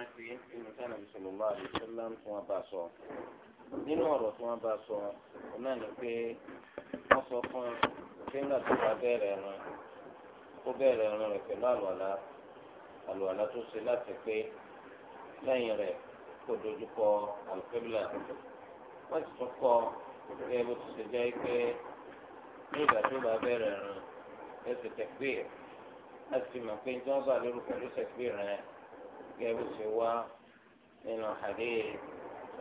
rántí nínú sáà nàbì sallallahu alaihi wasallam tí wọ́n bá sọ nínú ọ̀rọ̀ tí wọ́n bá sọ náà ni pé wọ́n sọ fún fíńgà tó bá bẹ̀rẹ̀ ẹran ó bẹ̀rẹ̀ ẹran rẹ̀ pẹ̀lú àlùwàlá àlùwàlá tó ṣe láti pé lẹ́yìn rẹ̀ kó dojúkọ àlùkébìlà wọ́n sì tún kọ́ gẹ́gẹ́ bó ti ṣe jẹ́ pé nígbà tó bá bẹ̀rẹ̀ ẹran ẹ̀ ti tẹ̀gbé ẹ̀ láti fi mọ̀ pé ìjọba lórúkọ ló tẹ̀gbé rẹ̀ قبل سوى من حديث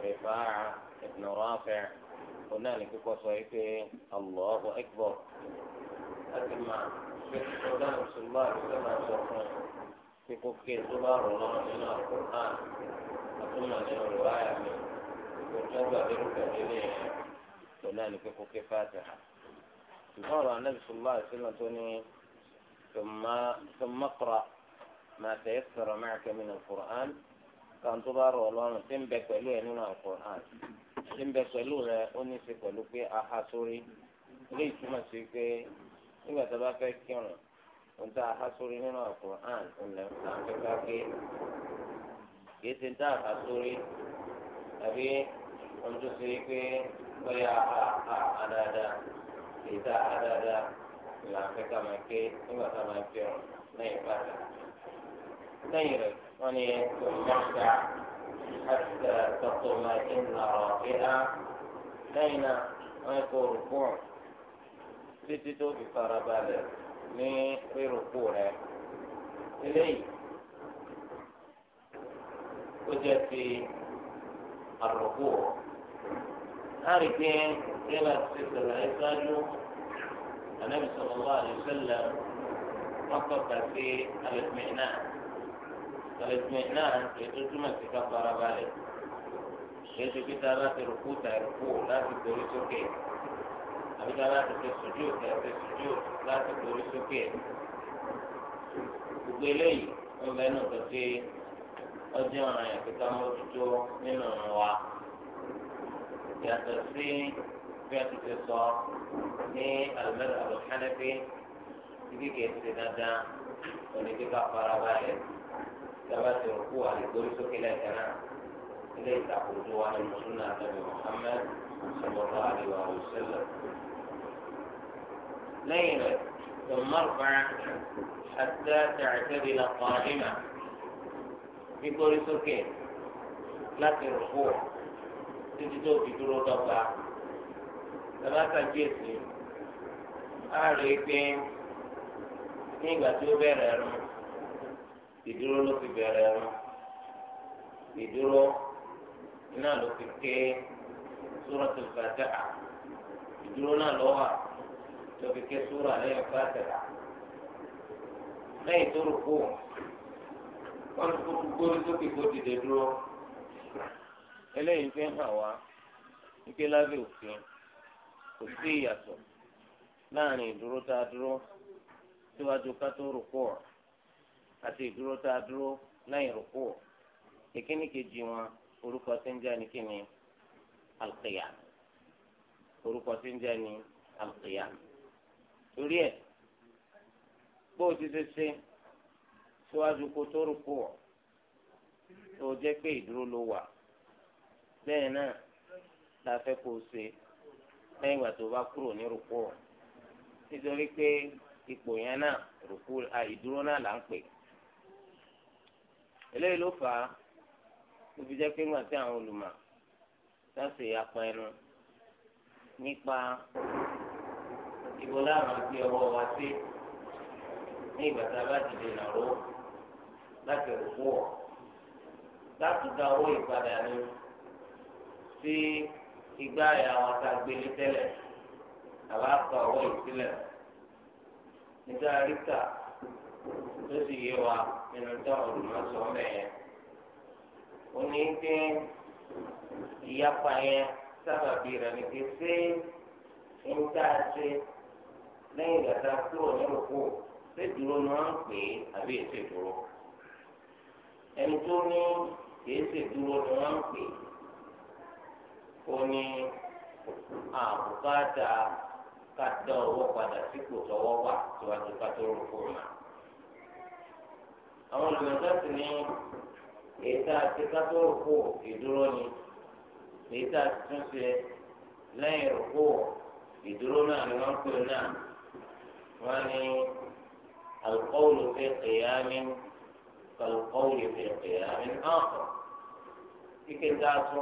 رفاعة ابن رافع قلنا لك قصيفة الله أكبر أتما شكرا رسول الله صلى الله عليه وسلم في قفك الزبار الله من القرآن أتما من رواية من قلنا برك إليه قلنا لك قفك فاتحة قال النبي صلى الله عليه وسلم ثم ثم اقرأ ما تيسر معك من القرآن kan tó bá rọ ọlọ́run tí ń bẹ pẹ̀lú ẹ nínú àkùrán tí ń bẹ pẹ̀lú rẹ ó ní í ṣe pẹ̀lú pé aha sórí ilé ìtumọ̀ sí pé nígbà tó bá fẹ́ kírun ohun tá aha sórí nínú àkùrán ńlẹ̀ ńlá ń fẹ́ bá gé kìí ṣe ń tá aha sórí tàbí ohun tó ṣe pé bóyá aha adáadáa kìí tá adáadáa ńlá ń fẹ́ ká máa ké nígbà tá máa kírun lẹ́yìn pàtàkì. lẹ́yìn rẹ̀ wọ́n ní ìmọ̀ọ́sà àti tọ́kùnmá ìnàrọ̀ ìhà lẹ́yìn náà wọ́n ní kó rúkú títí tó fi farabalẹ̀ ní rírúkú rẹ̀ eléyìí ó jẹ́ ti àrùkú láàrin pé kílà ti sọ̀rọ̀ ẹ̀ sáájú ànábì sallallahu alaihi wasallam wọ́n kọ̀ọ̀kan sí alẹ́ mìíràn. tẹlifíwẹ̀ náà ètò túmọ̀ sí ká farabalẹ̀ ètò kíta láti rúkú ta rúkú láti gbórí sókè àbíká láti fẹ́ sojú ta fẹ́ sojú láti gbórí sókè gbogbo eléyìí ń bẹ nù pẹ̀lú ọjọ́ ọ̀ràn yẹn kíkà mójútó nínú wa yàtọ̀ sí bí a ti ti sọ ní alimẹ́ta lọ́hánẹ́fẹ́ ibi kìí ṣe dandan oníkíkà farabalẹ̀ sábà ti rò kú àlùkòrí sókè lẹ́ẹ̀kan náà ilé ìtàkùrọ̀dọ̀ wa ni mùsùlùmí àtẹ̀wé Muhammad sọ̀rọ̀ àdìwà òṣèlú. lẹ́yìn rẹ̀ ثم ارفع حتى تعتدل قائمة nítorí sókè láti rògbò títí tó fi dúró dọ́gba lọ́lọ́sà jésù á rí i pé ní ìgbà tí ó bẹ̀rẹ̀ rún ìdúró ló fi bẹ̀rẹ̀ ẹ̀rọ ìdúró iná ló fi ké suratul Fatiha ìdúró náà ló wà tó fi ké sóra lẹ́yìn Fatiha lẹ́yìn tó rò kó wọ́n ti kókó gbórí sókè kó dìde dúró eléyìí fi hàn wá wípé lábẹ́ òfin kò sí ìyàtọ̀ láàrin ìdúró tá a dúró síwájú ká tó rò kó ọ̀rọ̀ àti ìdúró tá a dúró lẹ́yìn rúkú ìkíní kejì wọn orúkọ tí ń jẹ́ ni kíni alqiyam orúkọ tí ń jẹ́ ni alqiyam torí ẹ̀ bó o ti ṣe ṣe síwájú kó tó rúkú tó jẹ́ pé ìdúró ló wà bẹ́ẹ̀ náà la fẹ́ kó o ṣe lẹ́yìn ìgbà tó bá kúrò ní rúkú nítorí pé ipò yẹn náà rúkú ìdúró náà là ń pè é eléyìí ló fà á ó fi jẹ́ pé ńgbà tí àwọn olùmọ̀ sáṣe apọ̀ ẹnu nípa ìbò láàmú àti ọwọ́ wa sí ní ìgbà tá a bá ti dènà ró láti òkú ọ̀ láti da owó ìpadà ni sí igbá ẹ̀yà wọn tá a gbélé tẹ́lẹ̀ àbá kọ owó ìsílẹ̀ nígbà ríkà. tó sì yé wa nínú táwọn olùmọ̀sọ mẹ́ẹ̀. ó ní pé ìyapa yẹn sábàbí rẹ̀ ní pé ṣé ń tá a ṣe lẹ́yìn ìgbà kúrò nínú ni ń pè é àbí èsè dúró. ẹni tó ní èsè dúró ni wọ́n ń pè é ó ní àwọn olùgbọ̀nsẹ́sì ní ètò àti kátólùkù ìdúró ni ètò àti túnṣe lẹ́yìn òkú ìdúró náà ni wọ́n pè náà wọ́n ní alukọ́wùlù fi kìyàmí alukọ́wùlù fi kìyàmí ọ̀kọ̀ kíkẹ́ dá sọ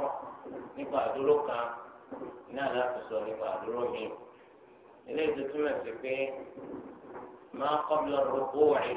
nípa àdúró kan náà láti sọ nípa àdúró míì eléyìí tó túmọ̀ pé máa kọ́ bí lọ́rọ̀ kó wáyé.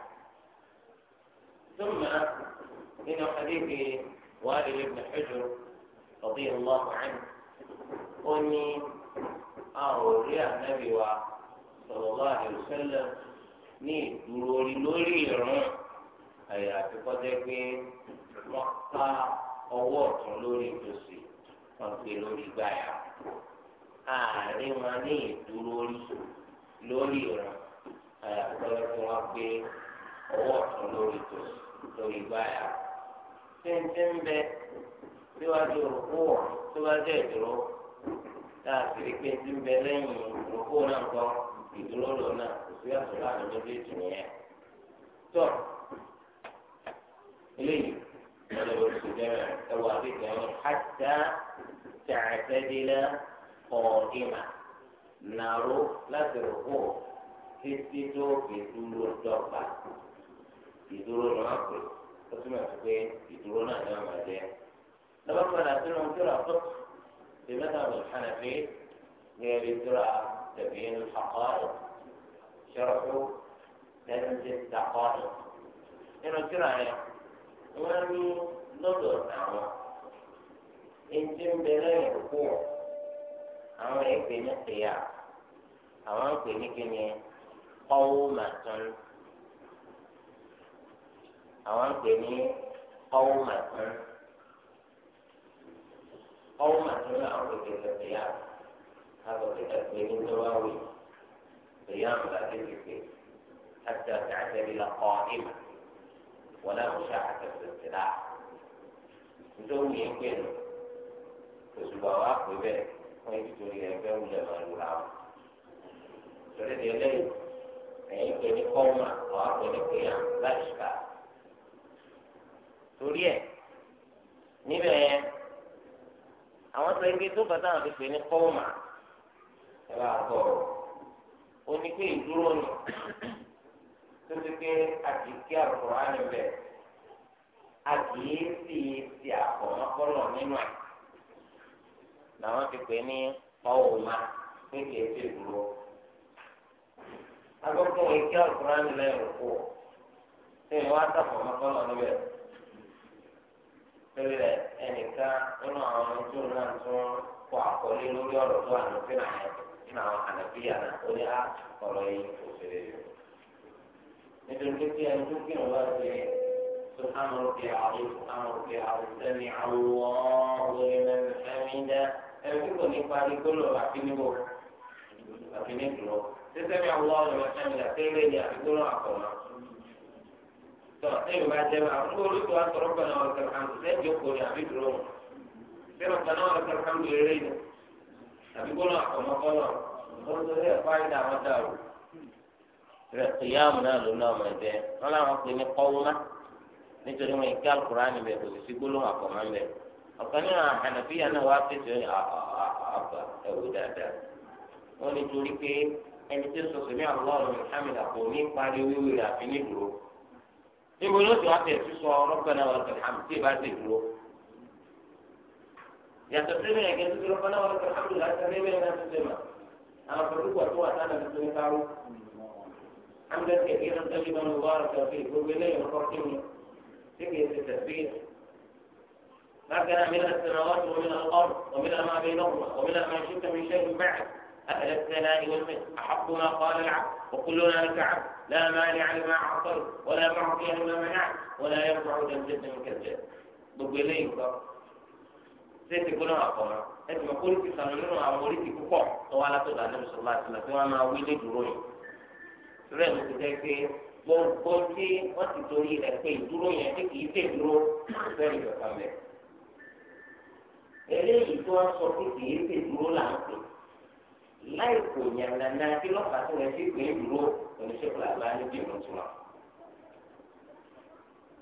ثم من حديث وائل بن حجر رضي الله عنه أني أولي النبي صلى الله عليه وسلم ní ìdúró lórí ìrún àyà àfikọ́jẹ́ pé wọ́n ká ọwọ́ ọ̀tún lórí ìtòsí wọ́n gbé lórí gbáyà àárín wọn ní ìdúró lórí ìrún àyà àfikọ́jẹ́ pé wọ́n gbé ọwọ́ ọ̀tún lórí tó lórí gbáyà tẹ́ńtẹ́ ń bẹ síwájú ìdúró pé ti ń bẹ lẹ́yìn òkú náà kọ́ ìdúró lò kò sí àtúntò láàrin méjèèjì nìyẹn. tó eléyìí lọ́dọ̀ ló ti bẹ̀rẹ̀ ẹwà àbíkẹ́ ìdúró ni wọ́n pè ó túmọ̀ sí pé ìdúró náà ni wọ́n máa jẹ́. lọ́wọ́ padà sínú tíra tó ti mẹ́ta bọ̀ hànàfẹ́ gẹ́gẹ́ bí tíra تبيين الحقائق شرح لمز الدقائق إنه كراية وأني نظر نعم إن جنب لا يقوع أو يكون قيام أو يكون كني قومة àwọn ń pè ní ọwọ́mà kan ọwọ́mà kan ní àwọn òkè tẹ̀síyà àtọ̀tẹ̀ tẹ̀síyà ní tọ́wáwì tẹ̀yà ńlá tẹ̀síyà حتى تعتدل قائمة ولا مشاحة في السلاح nítorí yẹn pé nù òṣùpá wa pè bẹ́ẹ̀ wọ́n ti torí ẹgbẹ́ wulẹ̀ máa lura wọn. Ìṣòro ìdílé lẹ́yìn ẹ̀yìn pé ní kọ́ọ̀mà àwọn àpò ní kéèyàn láti ṣùkà. torí ẹ̀ níbẹ̀ yẹn àwọn tó ń gbé tó bàtà àwọn fífi ní kọ́ọ̀mà ẹ̀ bá kọ́ ọ ní pé ìdúró ni tó ti pé àtìkí àkùrọ̀ á níbẹ̀ àkìyèsí ti àkọ̀mọ́kọ́lọ̀ nínú ẹ̀ làwọn ti pè ní kọ́ọ̀mà pé kìí ṣe ìdúró agbọ́kùnrin kí àkùrọ̀ á nílẹ̀ rẹ̀ kú ṣé ìwọ́n á sàkọ̀mọ́kọ́lọ̀ níbẹ̀ lórí rẹ̀ ẹnìkan nínú àwọn ọmọ tó náà tún kọ àkọlé lórí ọ̀rọ̀ tó àná sí náà nínú àwọn ànàbíyà náà ó ní á ọ̀rọ̀ yìí kò ṣeré yìí. nítorí pé kí ẹni tó kí òun wá sí سبحان ربي العظيم سبحان ربي العظيم سمع الله لمن حمده ẹni tí kò ní parí gbólóhùn àfinibò àfinibò sísẹ́mi àwọn ọlọ́run ẹ̀ṣẹ́ mi là tẹ́lẹ̀ ní àfigbólóhùn àkọ́mọ́ tọ́ ẹ yóò bá jẹ́ bá àwọn olùkọ́ wa sọ̀rọ̀ kan náà ọ̀sẹ̀ kan lẹ́yìn yóò kórè àbí dúró wọn sẹ́nu kan náà ọ̀sẹ̀ kan lè rẹ́ yìí àbí gbọ́dọ̀ àkọ́mọ́kọ́lọ̀ olùkọ́ yẹ fáyì náà wọ́n dà o. rẹ̀ kìyàmù náà ló náà mọ̀ ẹ̀jẹ̀ wọn làwọn pè ní kọ́wọ́má nítorí wọn ìka alukurani bẹ̀ kò sì sí gbólóhùn àkọ́mọ́ bẹ̀ ọ̀kan nínú àhànàfíà náà wá pèsè àbà ẹ̀wò dáadáa wọn nítorí pé ẹni tó sọ sọ ní àlọ́ ọ̀rọ̀ mùhàmmad àpò ní parí wíwí rẹ̀ àfi ní dúró. níbo ni ó ti wá fi ẹ̀sùn sọ rabbana wa lakal hamd tí ìbá ti dúró. yàtọ̀ sí ilé ẹ̀gẹ́ tuntun rabbana wa lakal hamd láti rí ilé náà tuntun mà àwọn pẹ̀lúkọ̀ tó wà sánà tuntun ní káró. àmì kẹ̀kẹ́ ló ń tẹ́lẹ̀ bá mi wá ọ̀rọ̀ tẹ̀lé gbogbo ilé ìrọ̀kọ́ kí mi tí kì í ti tẹ̀sí. ما كان من السماوات ومن الأرض ومن ما بينهما ومن ما شئت من شيء بعد أهل الثناء والمن أحق ما قال العبد وكلنا لك عبد لا مانع لما أعطيت ولا معطي لما منعت ولا يرفع ذا الجد من كذاب بقولين sẹ́ẹ̀tì gbọ́dọ̀ àkọ́mọ́ ẹ̀sìn mọ̀ kórìkì sànù nínú àwọn oríkì púpọ̀ tó wá látọ̀dọ̀ àlẹ́ mùsùlùmá àti màtí wọ́n máa wí ní dúró yìí. Ìrẹ́ mi ti jẹ́ pé gbogbo tí wọ́n ti torí rẹ̀ pé ìdúró yẹn tí kìí tẹ̀ dúró fẹ́ẹ́ ìjọba mẹ́. Eléyìí tí wọ́n sọ pé kìí tẹ̀ dúró là ń pè é láì kò yànnà kí lọ́pàá tó rẹ̀ sí pé dúró oníṣègùn àgbà níbi ìrún tiwọn.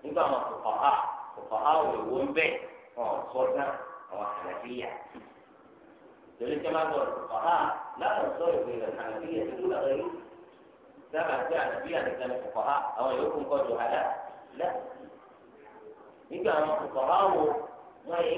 nígbà wọn kò kọ̀ á kò kọ̀ á wo ń bẹ̀ wọn ò àwọn àlàfíà. torí tí a máa gbọ́ láwọn sọ ìwé rẹ̀ àlàfíà tó lọ rẹ̀ sábà tí àlàfíà nìkan ni kò kọ̀ àwọn yòókù ń kọ́ jù hàdá. nígbà wọn kò kọ̀ wo wọ́n yẹ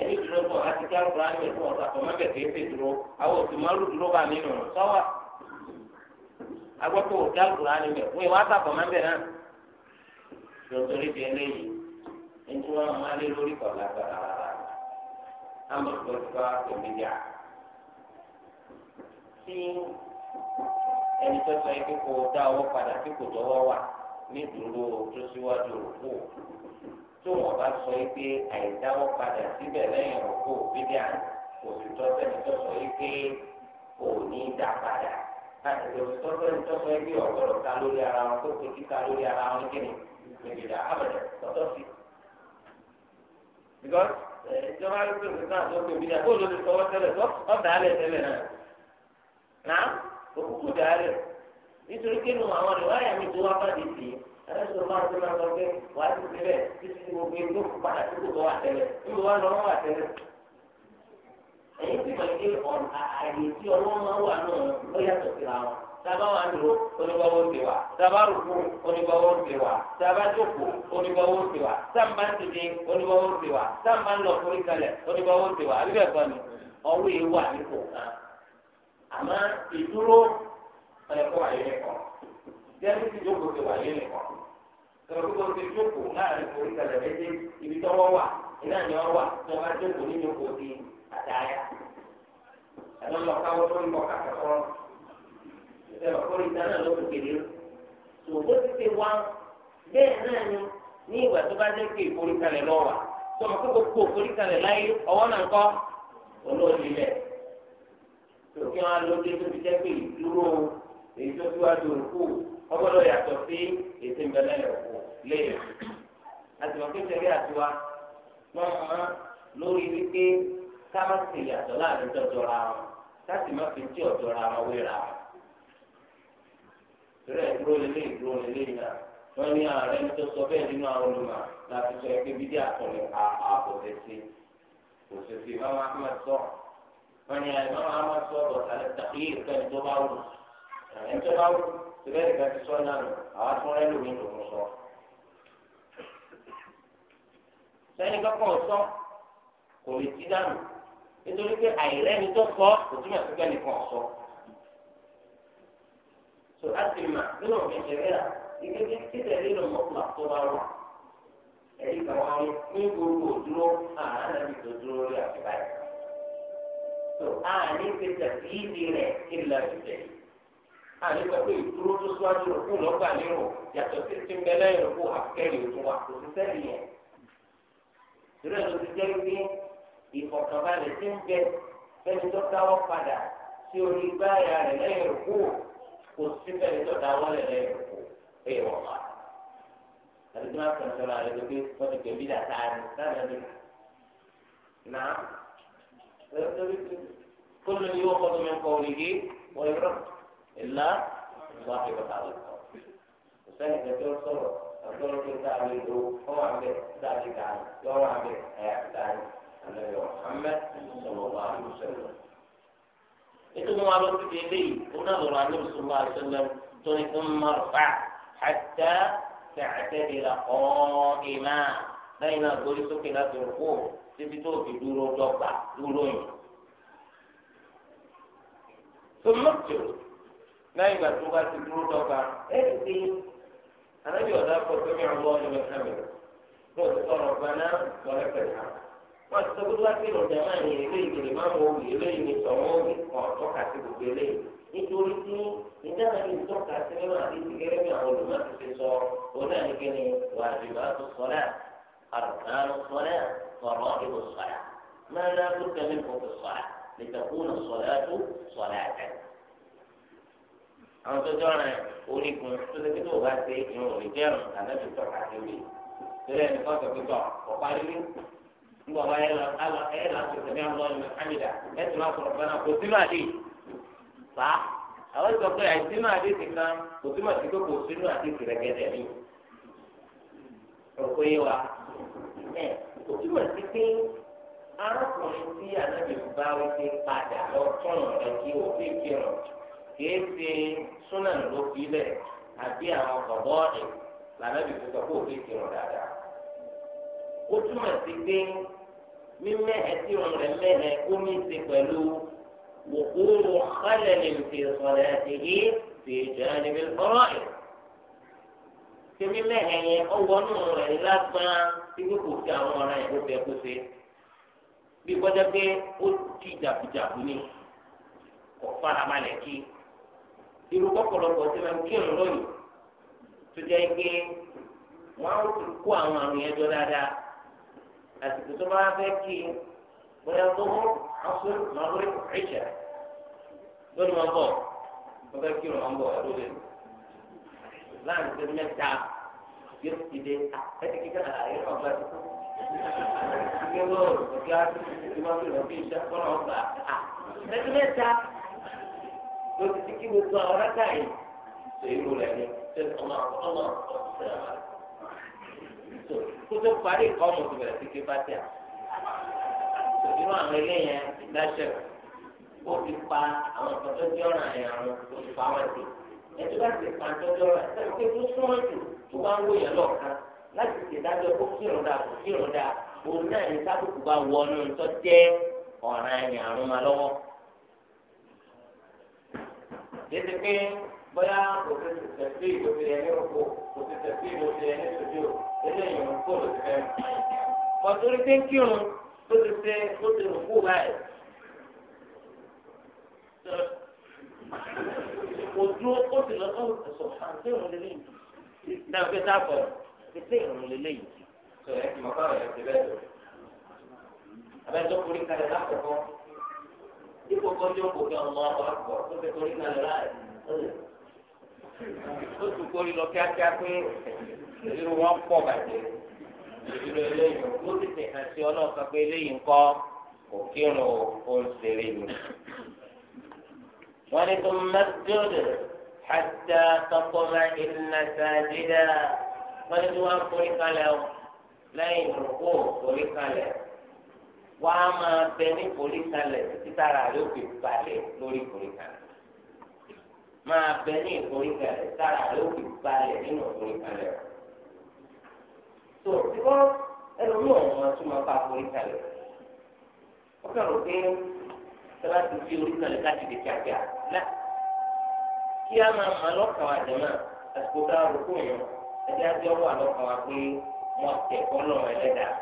ẹni dúró bọ̀ láti ká ọ̀rọ̀ àmì ẹ̀kọ́ ọ̀sà kọ̀ dúró àwọn lù dúró bá nínú àgùrá ni mẹ́ wọ́n ìwà àtàkọ̀ mẹ́bẹ̀ náà lọ́tọ́rí di eléyìí ẹni tí wọ́n máa lé lórí kọ̀ lágbára rárá tó ti bá tòmí dà tí ẹni tó sọ yìí kó dá ọwọ́ padà kò tó wọn bá sọ yìí pé àìdáwọ́ padà síbẹ̀ lẹ́yìn òkú bídíà òtítọ́ sẹ́ni tó sọ yìí pé òní dá padà òtítọ́ sẹ́ni tó sọ yìí pé ọ̀gbọ́dọ̀ ká lórí ara wọn tó pé kíka lórí ara wọn kí ni ìgbèdà abẹ̀dẹ̀ tọ́tọ́ sí. because ìjọba ló pè fún náà tó pè bídíà kó ló lè sọwọ́ tẹ́lẹ̀ tó ọ̀dà alẹ̀ tẹ́lẹ̀ náà náà òkúkú dà alẹ̀ nítorí kí ni àwọn ìwáyà ẹlẹ́sìn tó máa ń tẹ́lẹ̀ lọ pé wàá ti tẹ́lẹ̀ títí tí mo gbé ló padà tó tó wà tẹ́lẹ̀ níbo wà lọ́wọ́ wà tẹ́lẹ̀. ẹ̀yin tí mo ní àyè tí ọwọ́ máa wà náà ló yàtọ̀ síra wọn taba wà lò onígbàwó ti wà taba rúkú onígbàwó ti wà taba jókòó onígbàwó ti wà sábà ń tìdí onígbàwó ti wà sábà ń lọ forí kalẹ̀ onígbàwó ti wà àbí bẹ́ẹ̀ kọ́ ni ọwọ́ yìí wà nípò kan àmọ́ ìdúró ẹ̀kọ́ àyè nìkan jẹ́rìí ti jókòó ti wà yé nìkan. tọ̀rọ̀kútọ̀ ti jókòó láàrin orí méjì ibi tọ́wọ́ wà iná ni ọ wà tí wọ́n bá jókòó nínú kò di àtàyà. Àná lọ káwọ́ tó ń bọ̀ Ìfẹ́ dáná ló ti kéde. ti ti wá bẹ́ẹ̀ náà ni ní tó bá jẹ́ pé lọ wà. láyé ọwọ́ náà kọ́ Tòkí wọn ló dé tó fi jẹ́ pé ìdúró léyìn àti wọn kékeré àtiwá wọn hàn lórí wípé ká má ṣe yàtọ̀ láàrin tọ́jọ́ ra wọn ká sì má fi tí ọ̀jọ́ ra wọn wéra wọn. ìrẹ́ ìdúró lélẹ́ ìdúró lélẹ́ yìí náà wọ́n ní ààrẹ ní tó sọ bẹ́ẹ̀ nínú àwọn olùmọ̀ láti sọ pé bídí àtọ̀lẹ̀ ààbò rẹ̀ sí kò sì fi máa máa máa sọ wọ́n ní àìmọ́ máa máa sọ ọ̀dọ̀ àlẹ́ tàbí ìfẹ́ tó wù ẹ̀ tó bá wù ìrẹ́ ìfẹ́ ti sọ náà àwọn atúnrẹ́ lòmìn lòún sọ. sẹ́ni kankan sọ kò lè ti dànù nítorí pé àìrẹ́ni tó sọ kò túmọ̀ sí pé nìkan sọ. tó a ti mà nínú òfin ìṣẹ̀lẹ̀ rà ike tí títẹ̀ nínú mọ́tòlá tó bá wà ẹ̀rí kan wá ní ní gbogbo òdúró àárín àbí tó dúró lórí àbíbá yìí. tó a ní pété ìdí rẹ̀ kí n lọ ìṣẹ̀lẹ̀ àní pẹ̀lú ìdúró tó síwájú rẹ̀ kó lọ́gbà nírò yàtọ̀ sí ti ń bẹ lẹ́yìn rẹ̀ kó àkẹ́rì òtún wà kò sí sẹ́yìn yẹn torí ẹ̀ ló ti jẹ́ pé ìfọ̀kànbalẹ̀ ti ń bẹ fẹ́ni tó dáwọ́ padà sí orí gbáyà rẹ̀ lẹ́yìn òkú kò sí fẹ́ni tó dáwọ́ rẹ̀ lẹ́yìn òkú ẹ̀ wọ̀ wá. àdúgbò máa sọ̀rọ̀ sọ̀rọ̀ àrẹ ló pé wọ́n ti pè mí dà táàrí táàrí ni nà kólú ni yóò kọ́tù mi kọ́ òrìgì wọ́n yọrọ̀ ìlà wọ́n á fi bàtà lọ́kọ̀. kò ọ̀tọ́rọ̀ tó tá a lè do ọ wà bẹ tá a ti kà á yọ wà bẹ ẹ̀yà ti kà á àlẹ́ yọ amẹ́ sọ̀rọ̀ wà ló sọ̀rọ̀. ètò wọn lọ sí ilé yìí ó náà lọ́rọ̀ alẹ́ mùsùlùmá àṣẹlẹ̀ tó ní fún mọ́rọ̀fà àtẹ tẹ̀tẹ̀ di la ọ́ lẹ́yìn náà gbórí sókè láti rúkú síbi tó fi dúró dọ́gba dúró yìí. tó mọ́tò lẹ́yìn náà tó bá ti dúró dọ́gba ẹ̀ أنا أنا أقول سمع الله لمن حمده قلت ربنا ولك الحمد واستغفر في الجماعة إليه الإمام إليه الصوم وأتوقع في إليه nítorí tí ìdáhà yìí tọ́ka sí nínú àdéhùn gẹ́gẹ́ bí àwọn olùmọ̀tò ti sọ onáàlùkẹ́ ni wàjúbà tó sọ́lá àrùkánu sọ́lá ọ̀rọ̀ ìwò sọ́lá máa ń lọ́kùnkẹ́ mi kò tó sọ́lá lè tẹ̀kùn sọ́lá tó sọ́lá àtẹ̀. àwọn tó jọra orígun tó ṣe pé bá ṣe ìrùn òní jẹrùn ànábì tó kà lórí tẹ́lẹ̀ nìkan sọ pé tọ ọ̀pá lílé nígbà lọ ẹ láti sẹmí àwọn ọmọ amida ẹ ti máa sọ̀rọ̀ fún ẹ kò sínú àdé fa àwọn sọ pé ti kan mi ọ̀pọ̀ wa arákùnrin tí kìí ṣe súnà ló fi lẹ̀ àbí àwọn kọ̀bọ́ọ̀dì lànàbì tó sọ pé òfin ti rùn dáadáa. ó túmọ̀ sí pé mímẹ́ ẹtí rùn rẹ̀ mẹ́rẹ̀ ó ní ṣe pẹ̀lú wòkúrò xalẹ̀lì fi sọ̀rọ̀ àti yìí fi jẹ́rẹ́ níbi ọ̀rọ̀ ẹ̀. ṣé mímẹ́ ẹ̀yẹ ọwọ́nù rẹ̀ lágbára tí kò fi àwọn ọ̀ràn ẹ̀ tó fẹ́ kó ṣe. bí gbọ́dọ̀ pé ó ti jàpùjàpù ni kò fara balẹ̀ kí irú kọ́pọ̀lọpọ̀ tí wọ́n kí òun lónìí tó jẹ́ pé wọ́n á ti kó àwọn àrùn yẹn jọ dáadáa àsìkò tó bá fẹ́ kí bóyá tó mú aṣọ màlúrí ìṣẹ̀ lónìí wọn bọ̀ wọ́n fẹ́ kí òun bọ̀ ẹ̀rọ lẹ́nu láàrin tó mẹ́ta yóò ti dé ẹ̀ẹ́dì kíkẹ́ àlàyé ọ̀gbà tó kú. Ìgbẹ́ bọ́ọ̀lù ọ̀gá ìgbà tó lọ bí iṣẹ́ fọ́nà ọ̀gbà. Ẹ̀ẹ́dì mẹ́ta ló ti ti kí gbogbo àwọn rákà yìí tó irú rẹ̀ ni ṣe ọmọ ọmọ ọ̀sẹ̀ tó kó tó parí ìkọ́ ọmọ tó bẹ̀rẹ̀ sí ké fàtíà tó nínú àwọn eléyẹn ìdáṣẹ ó ti pa àwọn ìtọ́jọ́ ọ̀ràn àyàrùn ó ti pa wọn sí ẹtú bá ti pa ìtọ́jọ́ ọ̀ràn sẹ́yìn pé tó súnmọ́ jù tó bá ń wò yẹn lọ́ọ̀kan láti ṣèdájọ́ kó kírun kó kírun òun náà ní sábùkù bá wọ ọ́nù tó jẹ́ ọ̀ràn máa lọ́wọ́ yéésì pé bóyá kò ti tẹ̀sí ìdòfin ẹni òkú kò ti tẹ̀sí ìdòfin ẹni sòdò eléyìí ń kó lòdì fẹ́. pọ̀tùrí pé kírun tó ti ṣe ó ti rò kú báyìí. kò dúró ó ti lọ sọ́wọ́ sọ̀rọ̀ àti ìrùn lélẹ́yìn. náà fi sá pọ̀ títí ìrùn lélẹ́yìn. sọ̀rọ̀ ẹ̀ kì mọ̀ fáwọn ẹ̀ ti bẹ́ẹ̀ lọ. abẹ́jọ́ kúrí kalẹ̀ lákòókò tí kòkó jókòó ní ọmọ ọkọ̀ tó fi torí náà láì ó tún kórìí lọ kíákíá pé ìlú wọn pọ̀ bàjẹ́ ìlú eléyìí ó ti hàn sí ọlọ́ọ̀kan pé eléyìí ń kọ́ òkírun ó ń ṣeré ni. wọ́n ní tó mẹ́tíọ́dù hàtà tọkọ́mọ ìlànà sàdídà wọ́n ní tó wọ́n forí kalẹ̀ lẹ́yìn rúkú forí kalẹ̀ wà á máa bẹ ní ìforíkalẹ̀ títára rẹ̀ ó fi balẹ̀ lórí ìforíkalẹ̀ máa bẹ ní ìforíkalẹ̀ títára rẹ̀ ó fi balẹ̀ nínú ìforíkalẹ̀ tó tí wọ́n ẹnu ní ọ̀hún máa tún máa bá ìforíkalẹ̀ ó kẹ́rù pé sábà ti fi oríkalẹ̀ láti di kíákíá lá kí á máa mọ alọ́kàn wa jẹ́ náà àsìkò tá a rò kó ẹ̀jẹ̀ á jẹ́ ọwọ́ alọ́kàn wa pé mo tẹ̀ kọ́ lọ́rùn ẹlẹ́dàá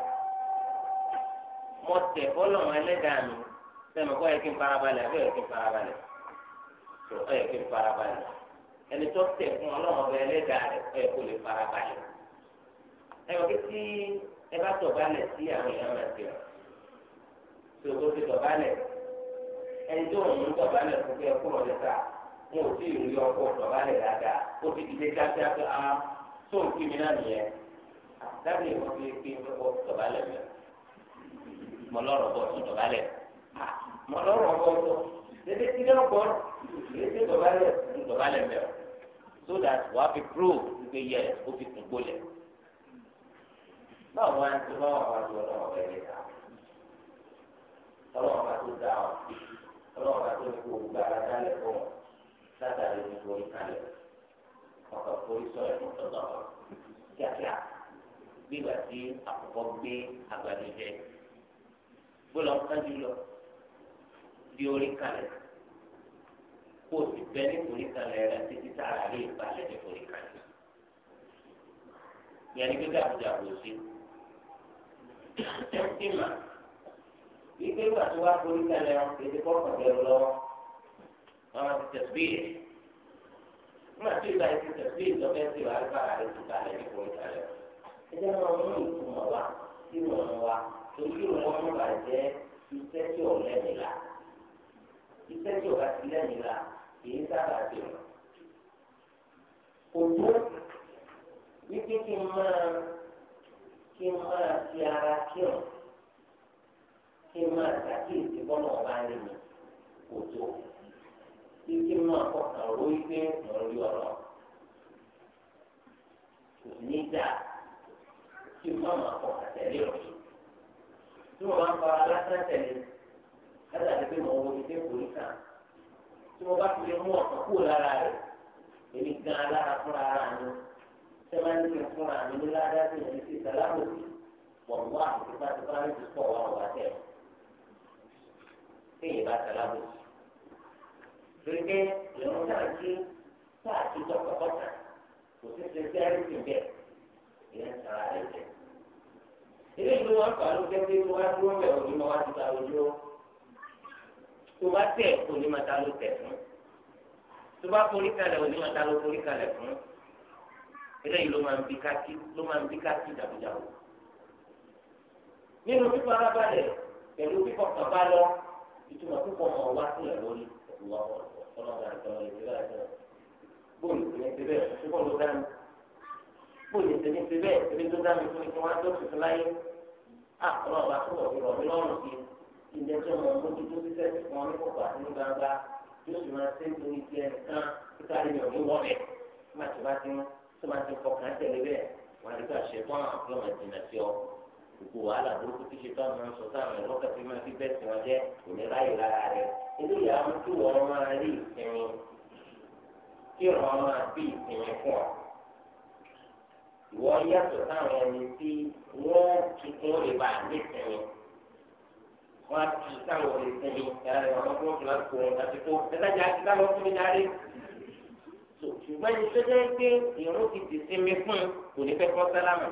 mo tẹ̀ fọlọ́run ẹlẹ́dàá mi sẹ́mi kọ́ ẹ kí n farabalẹ̀ àbí ẹ kí n farabalẹ̀ tó ẹ kí n farabalẹ̀ ẹni tó tẹ̀ fún ọlọ́run ọba ẹlẹ́dàá rẹ̀ ẹ kó lè farabalẹ̀ ẹ wọ́n kí ẹ bá tọ̀balẹ̀ sí àwọn èèyàn máa tẹ̀ tó o ti tọ̀balẹ̀ ẹni tó ń tọ̀balẹ̀ fún kí ẹ kúrò lẹ́ta wọn ò tí ì rí ọkọ̀ tọ̀balẹ̀ dáadáa ó ti dìde kíákíá pé a ah, tó ń kí mi náà nìyẹn dábìlì wọn fi kí n tọ̀balẹ̀ mẹ́rin mọ lọ́rọ̀ bọ̀ tó dọ̀bá lẹ̀ mọ lọ́rọ̀ bọ̀ tó dédé tí lọ́rọ̀ bọ̀ dédé dọ̀bá lẹ̀ tó dọ̀bá lẹ̀ mẹ́ o so that wàá fi prove wípé yẹ o fi kún gbólẹ̀ báwo wá ń tó báwo wá ju ọlọ́wọ́ bẹ́ẹ̀ lè ta ọlọ́wọ́ bá tó dá ọ ọlọ́wọ́ bá tó ní kó gbára dálẹ̀ fún ọ látàrí nítorí kalẹ̀ ọkọ̀ forí sọ̀rọ̀ ìmọ̀tọ́tọ̀ kíákíá bí wàá sí àkọ́kọ́ gbé agbadé jẹ gbọ́dọ̀ kájú lọ di orí kalẹ̀ kó o sì bẹ́ ní orí kalẹ̀ rẹ̀ títí tá a lè balẹ̀ ní orí kalẹ̀. ìyẹn ní gbígbà àbújá kò sí. ẹ̀sìn mà ìgbé ìgbà tó wá orí kalẹ̀ ètò kọ́kọ́ bẹ̀rù lọ́wọ́ wọn ti tẹ̀sí ẹ̀ nígbà tí ìgbà yìí ti tẹ̀sí ìjọba ti wà á bá àrètí kalẹ̀ ní orí kalẹ̀. ẹ jẹ́ wọn mú ìtumọ̀ wá ìwọ̀n wa torí wọn mú bàjẹ́ iṣẹ́ tí ò lẹ́mìí la iṣẹ́ tí ò bá ti lẹ́mìí la kìí sábà ti rọ̀. Òjò wípé kí n máa kí n máa fi ara kírun kí n máa ṣàkíyèsí bọ́nà ọba rẹ̀ òjò kí n máa kọkàn ró wípé mo ń rí ọ̀rọ̀. tí mo bá ń fara lásán tẹ̀lé látàrí pé mo wo ìdí kò ní kàn tí mo bá fi lè mú ọ̀kan kúrò lára rẹ̀ èmi gan alára fúnra ara mi ṣé máa ń lè fúnra mi ní ládàá sí ẹni sí sàlámù sí wọ̀n wá tipátipá ní ti pọ̀ wá wá tẹ̀ kéèyàn bá sàlámù sí. torí pé ìrún náà ké sáà tó tọkọtọkà kò sí ṣe sí àrísìn bẹ́ẹ̀ ìyẹn sara rẹ̀ jẹ́ ilé ìlú wọn fà ló kẹ́kẹ́ tó wá dúró bẹ̀ òní ma wá ti ta lójú ó tó bá tẹ̀ òní ma ta ló tẹ̀ fún tó bá forí kalẹ̀ òní ma ta ló forí kalẹ̀ fún ilé ìlú máa ń bí kákí ló máa ń bí kákí jàbújàbú nínú pípa alábàlẹ̀ pẹ̀lú pípa kàbá lọ ìtumọ̀ púpọ̀ mọ̀ wá sílẹ̀ lórí ìwà ọlọ́dà àtọ̀rọ̀ ìdílé àtọ̀rọ̀ bóòlù ti ní ti bẹ́ẹ̀ ṣùgbọ́n ló dá mi bóòlù ti ní ti bẹ́ẹ̀ ṣe ló dá mi àkọlọ́ bá tó wọ̀ ìrọ̀ mi lọ́rùn sí ìjẹ́ tó mọ̀ mójú tó ti sẹ́sì kan ní kókó àti ní gbangba yóò sì máa ṣe nítorí ti ẹ̀ kan kíkà ní ìrọ̀ mi wọ̀lẹ̀ má ti bá ti ń tó máa ti fọkàn tẹ̀lé bẹ́ẹ̀ wọ́n ti ká ṣe fún àwọn àkọlọ́ ìdìnnà sí ọ gbogbo wàhálà burúkú tí ṣetán máa ń sọ sáwọn ẹ̀rọ kẹfì máa fi bẹ́ẹ̀ tí wọ́n jẹ́ òní ráyè lára rẹ̀ eléyìí àwọn tí wọ́n máa rí ìsinmi tí wọ́n máa bí ìsinmi fún ọ. ìwọ yàtọ̀ sáwọn ẹni tí wọ́n ti kún ìbá nísìnyí wọ́n á ti sáwọn nísìnyí yàrá rẹ̀ wọ́n fún ọ̀tún láti kó wọn láti kó ẹ̀dájà ti ká lọ fún mi jáde. ṣùgbọ́n ẹni tó jẹ́ pé ìrún ti ti sinmi fún un kò ní fẹ́ kọ́ sálámà.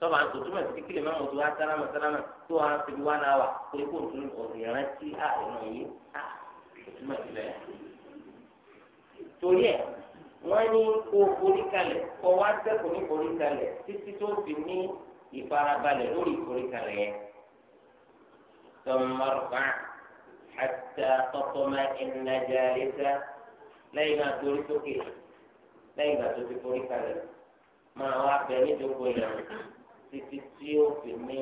tọ́ba tó túmọ̀ sí kílè máa mọ̀ tó wá sálámà sálámà tó wá ń wá náà wà pé kó tún ọ̀sìn ìrántí àìrán yìí tó ah, túmọ̀ sí bẹ́ẹ̀. torí ẹ̀ wọ́n ní kó forí kalẹ̀ kó wá sẹ́kù ní forí kalẹ̀ títí tó fi ní ìfarabalẹ̀ lórí forí yẹn. ثم ارفع حتى تطمئن جالسا lẹ́yìn náà torí sókè lẹ́yìn náà tó ti forí kalẹ̀ máa wá bẹ níjókòó yẹn títí tí ó fi ní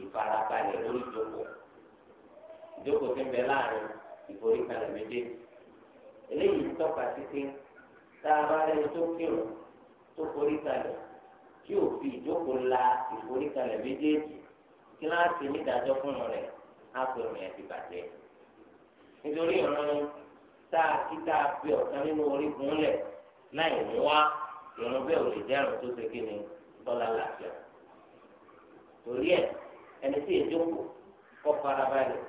ìfarabalẹ̀ lórí ìjókòó ìjókòó ti ń bẹ láàrin ìforí méjèèjì eléyìí tọ́ka títí tá a bá rẹni tó kírun tó forí kalẹ̀ tí ò fi ìjókòó la ìforí kalẹ̀ méjèèjì kí wọ́n á ti ní ìdájọ́ fún un rẹ̀ á pè rìn àti bàjẹ́. nítorí ìrún tá a kí tá a fi ọ̀kan nínú orígun lẹ̀ láì mú wá ìrún bẹ́ẹ̀ ò lè dẹ́rùn tó ṣe kí ni tọ́lá làásìá. torí ẹ̀ ẹni tí ìjókòó kọ́ farabalẹ̀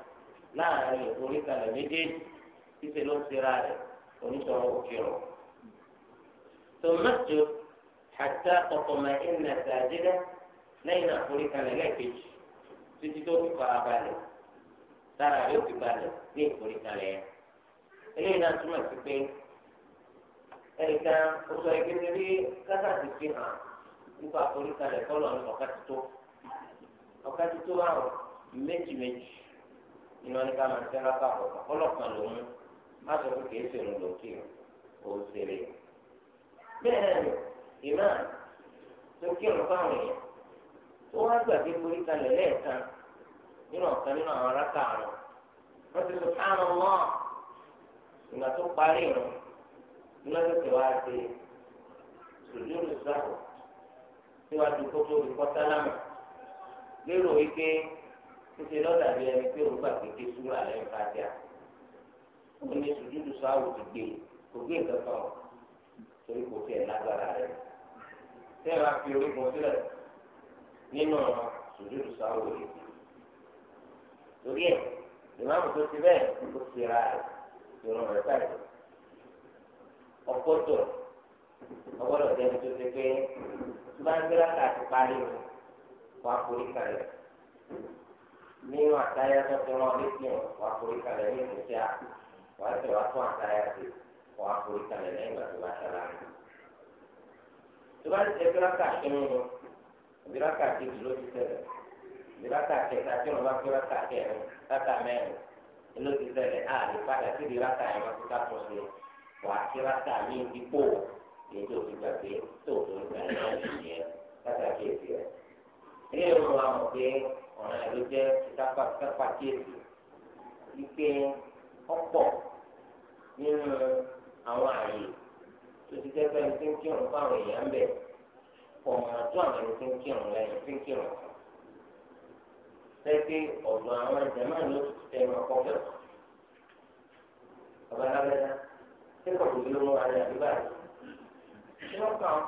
láàárín ìforí kalẹ̀ méjèèjì títí ló ń ṣe ra rẹ̀ onítọ̀ọ́ òkè rọ̀. ثم اسجد حتى تطمئن ساجدا لين أقولك لك تجدو في قرابة ترى لو في لين أقولك لك إلينا ثم تبين ẹnìkan ó sọ ẹgbẹ́ níbi kásáàtì fi hàn nípa àforíkalẹ̀ tọ́lọ̀ ní àrùn méjì méjì nínú máa ń pàpọ̀ ọlọ́kan má sọ pé kìí lòkè òun bẹ́ẹ̀ ni ìmáà tó kírun fáwọn èèyàn tó wá gbàgbé forí kalẹ̀ lẹ́ẹ̀kan nínú ọ̀kan nínú àwọn aráka àwọn wọ́n ti subhanallah ìgbà tó parí ìrùn iná tó ti wá ṣe sùdúrù sáà síwájú kó tó rí kọ́tálámà lérò wípé títí lọ́dà bí ẹni pé òun gbà kéke súrà lẹ́yìn fàtíà òun ní sùdúrù sáà wò ti gbé kò gbé nǹkan kan torí kò tiẹ̀ lágbára rẹ̀ tẹ́ ẹ máa fi orígun sílẹ̀ nínú sùdúrù sáwò rẹ̀ torí ẹ̀ ìmáàmù tó ti bẹ́ẹ̀ kó ti ra ìrùn rẹ̀ káyọ̀ ọ̀pọ̀tọ̀ ọgbọ́dọ̀ jẹ́ni tó ti pé tí bá ń gbéra káàtì parí o wàá forí kalẹ̀ nínú àtayá tó ti rán létí o wàá forí kalẹ̀ ní ìmúṣẹ́ wàá tẹ̀ wá fún àtayá sí wàá forí kalẹ̀ lẹ́yìn ìgbà tó bá sálámù. tó bá ti ṣe bíráka kínní lọ bíráka kejì ló ti ṣẹlẹ̀ bíráka kẹta tí wọn bá bíráka kẹrin bíráka mẹ́rin ló ti ṣẹlẹ̀ á lè padà sí bíráka yẹn wọn ti ká tó ṣe wàá bíráka yín dípò èyí tó ti gbàgbé tó tó ń gbà yẹn yẹn bíráka kejì rẹ̀. ilé ìwé wa mọ̀ pé ọ̀nà ẹ̀ ló jẹ́ kápá kéèkì wípé ọ̀pọ̀ nínú àwọn àyè tí ń kírun fáwọn èèyàn bẹ̀ wọn kọ́ Bàbá kò tóbi ló mú àdúgbà Ṣé wọ́n kàn án?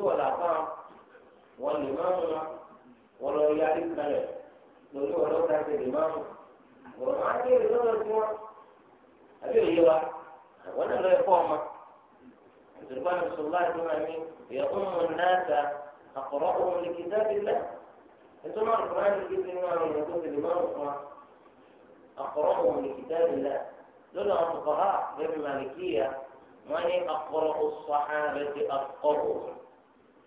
wọ́n là kàn án? Wọ́n lè mú wọn. Wọ́n lọ kalẹ̀ lórí wọn lè mú. máa ń lọ́dọ̀ wannan da ya kowa ma zurban musulman ibn amin الناس أقرأهم لكتاب الله li kitabillah انتم القران الكريم الامام يقول يعني الامام اقرأهم لكتاب الله لولا الفقهاء غير المالكيه من اقرأ الصحابه افقههم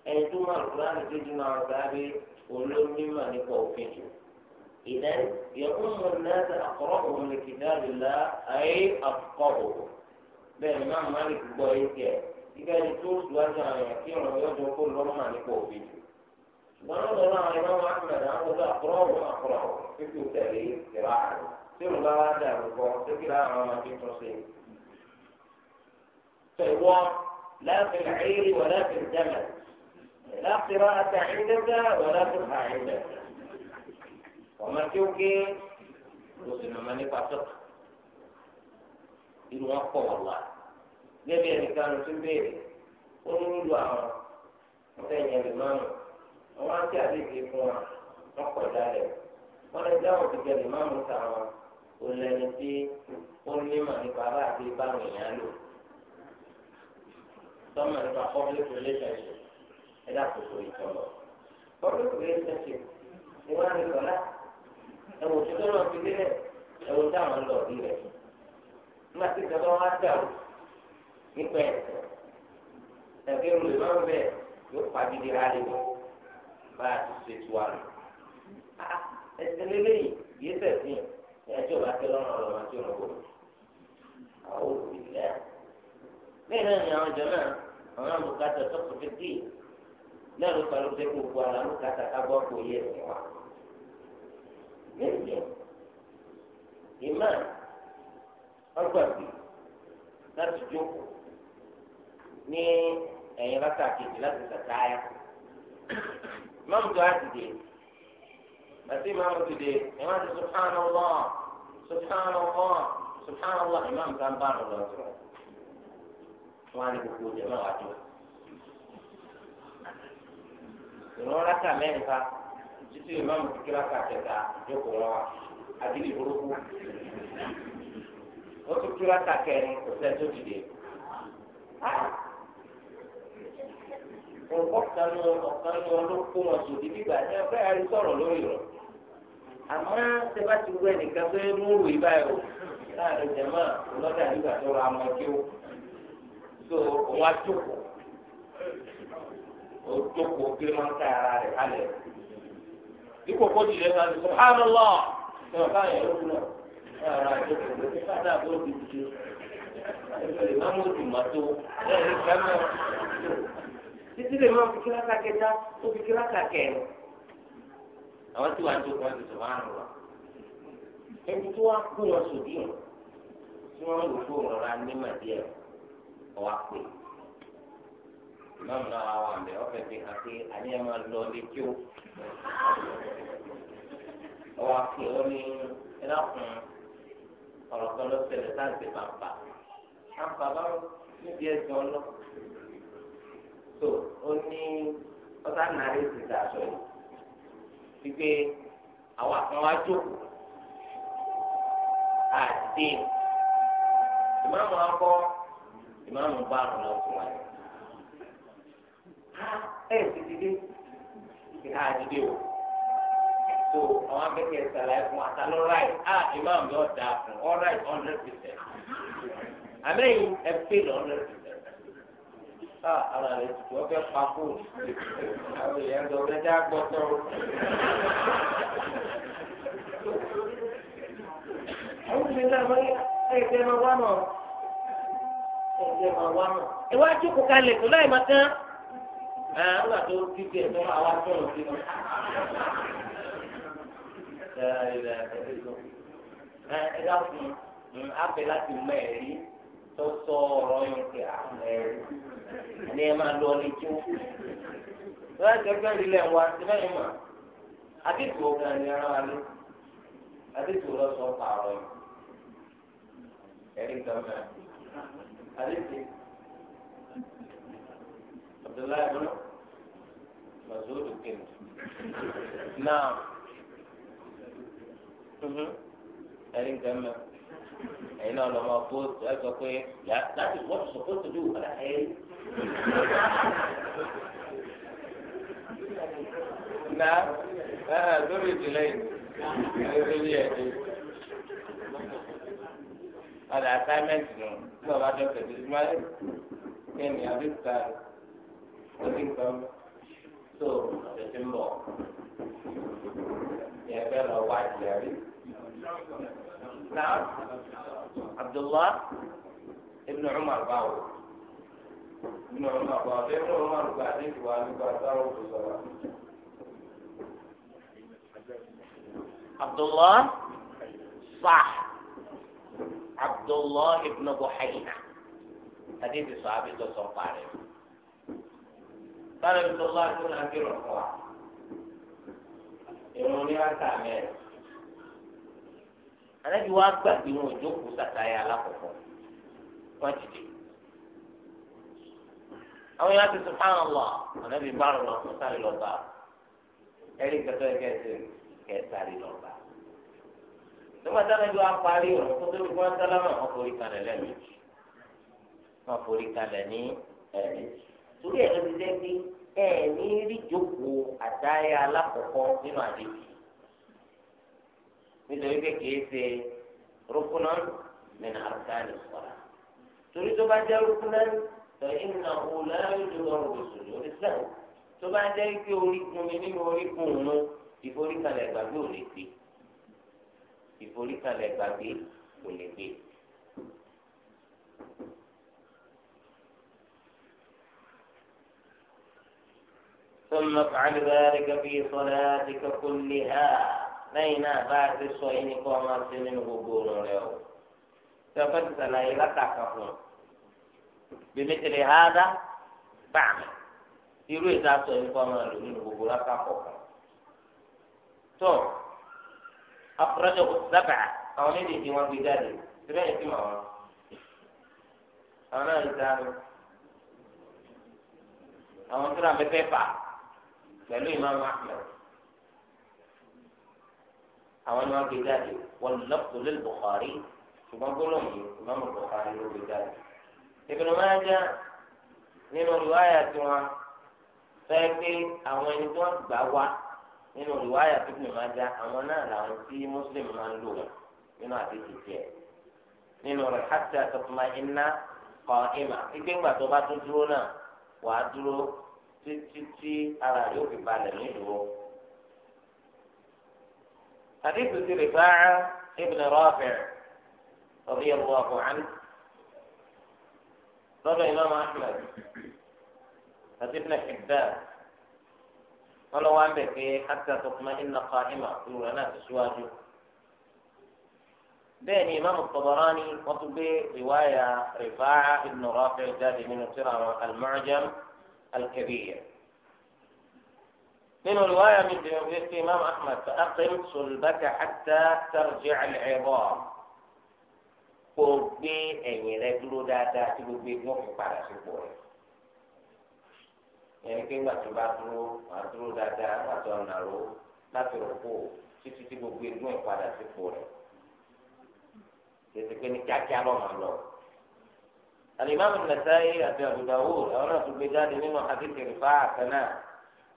انتم القران الكريم الامام ولم مما نكوفيه إذا يؤم الناس أقرأهم لكتاب الله أي أفقرهم bẹ́ẹ̀ máa má lè gbọ́ ẹ̀kẹ́ ẹ̀ ibà ni tó tó ajá èèyàn kí wọn ọ̀rọ̀ jọ kó lọ́ mà nípa òbí jù wọn lọ́dọ̀ náà àwọn ìbámu àkàndá àwọn ọ̀dọ́ àkọ́rọ̀wọ̀ àkọ́rọ̀wọ̀ fífi tẹ̀lé ìrà àrùn tí wọn bá wá dà rúbọ tó kí láwọn ọmọ fi tó sí i. tẹ̀wọ́ láti ẹ̀rí wọ láti dẹ́mẹ̀ láti rà àtà ìdẹ́gbẹ́ wọ láti hà ìdẹ́gbẹ́ ọmọ tí ó gé lọ́sìn irú wọn pọ̀ wọn wá gẹ́gẹ́ ẹnìkan ló tún béèrè ó ń lu àwọn ọ̀fẹ́ yẹn lè máa mú àwọn àti àdéhìí fún wa wọn pọ̀ dálẹ̀ wọn lè dáhùn mú tàwọn tí ó ní mà nípa bá àti èèyàn lò nípa public relationship ìtọ́lọ̀ public relationship ni á ní nígbà tí ìjọba wọn á dàrú nípa ẹ̀sẹ̀ ẹ̀fẹ́ olè máa ń bẹ̀ yóò pàdédé rárẹ̀ lọ bá a ti ṣe tu àná. Ah, ẹsẹ̀ lélẹ́yìn yìí sẹ̀sìn ẹjọ́ bá tẹ lọ́rùn ọ̀rọ̀ àti ọ̀rọ̀ bò àwọn olùdílé. bẹ́ẹ̀ náà ni àwọn jọ̀ọ́ náà àwọn àmukata tọ́kù fẹ́tì náà ló fa ló gbogbo àwọn àmukata kábọ́ kò yẹ ẹ̀sìn wa. ọgbàgbé láti jókòó ní ẹ̀yìn bá kàkejì láti sàtáyà mọ́mú tó á àti mọ́mú dìde ẹ̀ wá ti subhanallah subhanallah subhanallah ìmáàmù kan bá rọ̀ lọ́sọ̀rọ̀ wọn á ní gbogbo ìjẹ́ náà wá tó ìrún rákà títí ìmáàmù kíkí rákà kẹta jókòó lọ́wọ́ burúkú. ó tún kí wákà kẹrin kò sẹ́ tó dìde. Nǹkan kan ní ọ̀kan ní olóko wọn sùn di gbígbà ní ọ̀fẹ́ àrí sọ̀rọ̀ lórí rẹ̀. Àmọ́ ṣe bá ti wẹ nìkan pé múrù ìbáyọ̀ láàrin jẹ̀mọ́ lọ́dà nígbà tó ra ọmọ kí ó. So òun á jókòó. Ó jókòó kí wọ́n ká ara rẹ̀ kalẹ̀. Dípò kó dìde náà ní sọ, "Hánà lọ!" Ṣé ọ̀ká yẹn náà? yàrá àjọpọ̀ ló ti káàdà bó ti ju ìwọ́n mú tòmátò ẹ̀rí kẹ́mọ̀ títí lè máa fi kíláka kẹta ó fi kíláka kẹrin àwọn tí wàá jókòó ti sọ̀rọ̀ àrùn wa ẹni tó wá kú wọn sòdì ọ̀ tí wọ́n lò fún ọ̀rọ̀ anímọ̀ díẹ̀ ọ̀wá pè ìmọ̀mù náà wà mẹ́ ọ̀fẹ́ fi hàn pé àníyàn máa lọ lé kí ó ọ̀wá pè ó ní ẹ̀dá kan ọ̀rọ̀ kan lọ ṣẹlẹ̀ sáǹtì pàmpà pàmpà báwo níbi ẹ̀sìn ọlọ́ tó ó ní ọ̀sá nàárẹ̀ ti dà sọ yìí wípé àwọn àkànwá jókòó àti ìmáàmù akọ ìmáàmù bá àrùn lọ fún wa yẹn. ẹ ẹ ti dìde ìhà àdìde o. so àwọn akẹ́kẹ̀ẹ́ sàlàyé fún ata ráì á imam yóò dáa fún ọ ráì hundred percent àmẹ́yìn ẹ pè lọ hundred percent á ara rẹ tutù ọ fẹ́ pa kó àwọn èèyàn lọ rẹ dá gbọ́tọ́ àwọn èèyàn náà wáyé ẹ̀jẹ̀ máa wá máa wá kò kalẹ̀ tó láì máa tán tó tó máa wá tó lọ sí لا إله إلا الله ẹ dákun láti mọ ẹrí tó sọ ọ̀rọ̀ yẹn pé àwọn ẹrí ni ẹ máa lọ ní jó lọ́wọ́ ìjọba ìrìlẹ̀ wa ti mẹ́rin mọ̀ àdìsí ọ̀gá ni ara wa lé àdìsí ọ̀rọ̀ sọ pààrọ̀ yìí ẹ̀rí gbàgbà àdìsí Abdullahi Masoud Kent náà. ẹni nǹkan mẹ ẹni náà lọ máa bó ẹ sọ pé yà láti wọ́n ti sọ̀kọ́ tó dé wò padà ẹ̀ na lórí ìdílé yìí lórí ẹ̀dẹ́ ọ̀dà assignment nù ní ọba tó tẹ̀lé ìdílé kéènì àbí sáré ó ti ń kọ́ so Yeah, that is what you're supposed to But I pada Nah. Ah, don't yii yẹ fẹ́ lọ wá ìdílé lo نعم عبد الله ابن عمر باو ابن عمر باو ابن عمر بعدين بعثار قال عبد الله صح عبد الله ابن بحينا حديث صحابي لو صوت قال عبد الله بن أبي رفاعة يقول لي أنت anabi wa gbà pé wọn ò jókòó sàtáyà alákọ̀ọ́kọ́ wọn ti dé àwọn yàrá ti subhanallah anabi bára wọn kó sáré lọ bá ẹni kẹtọ kẹsẹ kẹsàrí lọ bá nígbà tí anabi wa parí ọ̀rọ̀ kó tó gbọ́ sálámà wọn forí kalẹ̀ lẹ́ẹ̀mejì wọn forí kalẹ̀ ní ẹ̀ẹ̀mejì torí ẹ̀rọ ti dẹ́ pé ní rí jókòó àtáyà alákọ̀ọ́kọ́ nínú àdéhùn nítorí pé kìí ṣe rukunan min arkani sọlá torí tó bá jẹ́ rukunan tó iná òòlà yóò lọ rọ̀ṣọ̀ lórí sẹ́wọ̀n tó bá jẹ́ pé orígun mi nínú orígun òun ìforíkalẹ̀ gbàgbé ò lè gbé ìforíkalẹ̀ gbàgbé ò lè gbé. ثم افعل ذلك في صلاتك كلها lẹ́yìn náà bá a ti sọ yín ní kó o máa ṣe nínú gbogbo òrùn rẹ o tí ọkọ ti sàlàyé látàkà fún un bèbè tẹlẹ ha dá báàmì irú ìta sọ yín kó o máa lò nínú gbogbo látàkọ kan tó afurasọ kò sábà àwọn méjèèjì wọn gbé jáde síbẹ̀ yìí fìmọ̀ wọn àwọn náà ń sáré àwọn tó rà mẹ́fẹ́ fà pẹ̀lú ìmáàmù Ahmed àwọn ni wọ́n gbé jáde wọ́n lọ́pọ̀ lé Bukhari ṣùgbọ́n gbólóhùn yìí ìmáàmù Bukhari ló gbé jáde. Ibn Majah nínú rìwáyà tiwọn fẹ́ pé àwọn ẹni tí wọ́n gbà wá nínú rìwáyà tó Ibn Majah àwọn náà làwọn tí Muslim máa ń lò wọ́n nínú àdéhùn tiẹ̀ nínú rẹ̀ hàtà tọkùnmá iná kọ ìmà ìgbé ńgbà tó bá tún dúró náà wàá dúró títí tí ara yóò fi balẹ̀ nídùú حديث رفاعة ابن رافع رضي الله عنه قال الإمام أحمد حديث ابن حبان ولو عن حتى تطمئن قائمة قلوا لنا تسواجه بين إمام الطبراني وطبي رواية رفاعة ابن رافع جاد من المعجم الكبير من riwaya من bẹ̀rẹ̀ الإمام أحمد فأقم صلبك حتى ترجع hatta tarji al-ibọ kò gbé ẹ̀yìn rẹ dúró dáadáa tí gbogbo egun fi padà sípò rẹ yẹn kí ńgbà tó bá dúró wàá dúró dáadáa wàá tó ọ̀nà ro láti rò kó títí tí gbogbo egun ìpadà sípò rẹ tètè ní kíákíá lọ́mọ lọ. alimami Nasa'i àti Abu Dawud àwọn gbé jáde nínú àdìsí rìfáà kan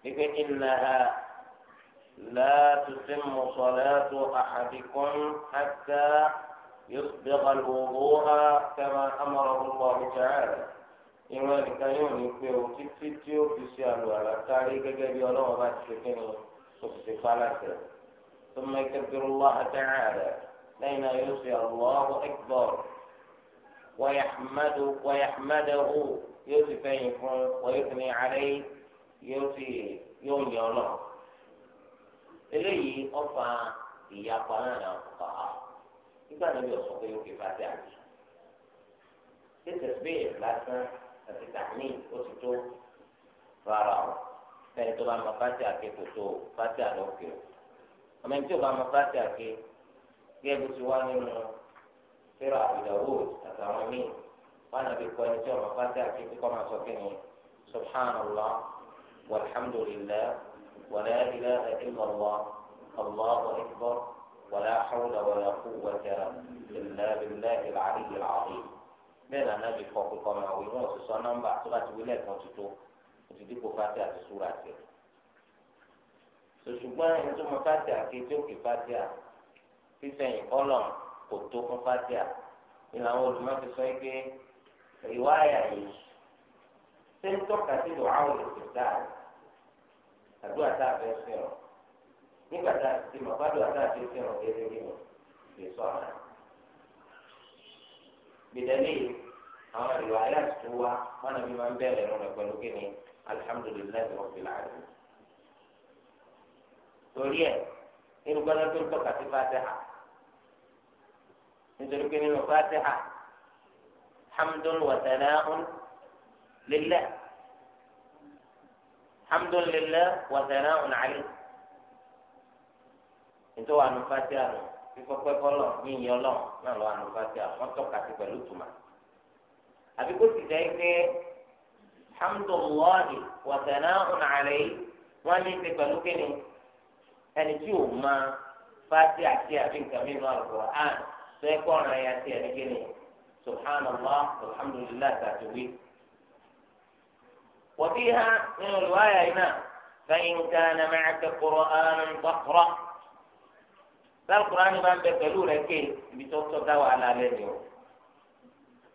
إنها لا تتم صلاة أحدكم حتى يصدق الوضوء كما أمره الله تعالى إما الكريم يكبر تكفيتي وفيسي ألوالا تاريك جدي ولو بات شكين ثم يكبر الله تعالى لين يصي الله أكبر ويحمد ويحمده يصفينكم ويثني عليه yóò fi yóò yan lọ eléyìí ọfà ìyapa náà nà ọkọ àwọn nígbà náà bí ọsọ pé yóò fi fàtí àjù tètè bíi lásán àti tàní ó ti tó rárá o ẹni tó bá mọ fàtí àké kò tó fàtí àlọkè o àmọ́ ẹni tó bá mọ fàtí àké gẹ́gẹ́ bó ti wá nínú fẹ́rọ àbùdá àtàwọn míì wọn àbí kọ́ ẹni tó mọ fàtí àké kíkọ́ máa sọ kí ni subhanallah. والحمد لله ولا إله إلا الله الله أكبر ولا حول ولا قوة إلا بالله العلي العظيم من أنا بفوق القمع ويقول سيصنع بعض سورة ولاد موتتو وتدقوا فاتحة سورة سيصبح أنتم فاتحة في كيتوك فاتحة في سنة قولون قلتوك فاتحة إن هو لما في سنة رواية إيش سيصبح كتير عاول الفتاة àdúrà tá a fẹ́ fẹ́ràn nígbà tá a ti mọ̀ fádùn àdúrà tó fẹ́ràn gẹ́gẹ́ bí mo lè sọ àná. bìdẹ́lì àwọn ìlú ayé tó wá wọn àbí máa ń bẹ̀rẹ̀ lọ́nà pẹ̀lú kíni alihamudulilayi rabbil alamin. torí ẹ nínú gbọ́dọ̀ tó ń tọ́ka sí hà nítorí pé nínú fatiha hamdun wa sana'un lillah. alhamdulilayi wa sana'un alayhi nítorí wà nù fatiha nù fífọ́pẹ́ fọlọ́ yíyan lọ náà lọ́wọ́ nù fatiha tuma àbí kó ti dẹ́ wa sana'un alayhi wọ́n ní ti pẹ̀lú kíni ẹni tí ò máa fatiha àti àbí nǹkan mìíràn subhanallah وفيها من الرواية إمام فإن كان معك قرآن فاقرأ فالقرآن ما بيتلو لك بتوصل على ليله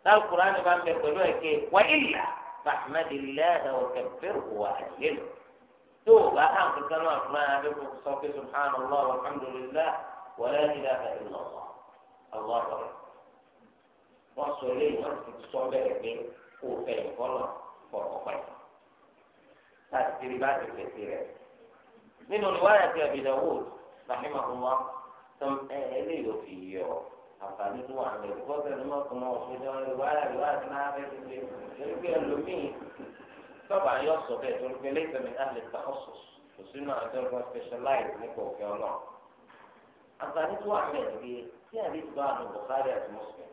فالقرآن ما بيتلو لك وإلا فاحمد الله وكبره وأهله توبة أخر كانوا أسماء بكم سبحان الله والحمد لله ولا إله إلا الله الله أكبر وصلي وصلي وصلي وصلي وصلي وصلي káàkiri bá ti pèsè rẹ̀. nínú ìwádìí àti àbìdá wò làhìmà fún wa tán ẹ eléyìí ò fi yọ àǹfààní tó wà nílẹ̀ gbọ́dọ̀ ní mọ̀ fún wọn fún wọn ìwádìí ìwádìí náà fẹ́ ti pè é pé ẹlòmíì tọ́ba yọ sọ bẹ́ẹ̀ torí pé lẹ́sẹ̀ mi láti ta ọ̀sọ̀ kò sínú àjọ ìwà specialize nípa òfin ọlọ́run àǹfààní tó wà nílẹ̀ gbé tí àdéhùn bá àwọn bùkárì àti mùsùlùmí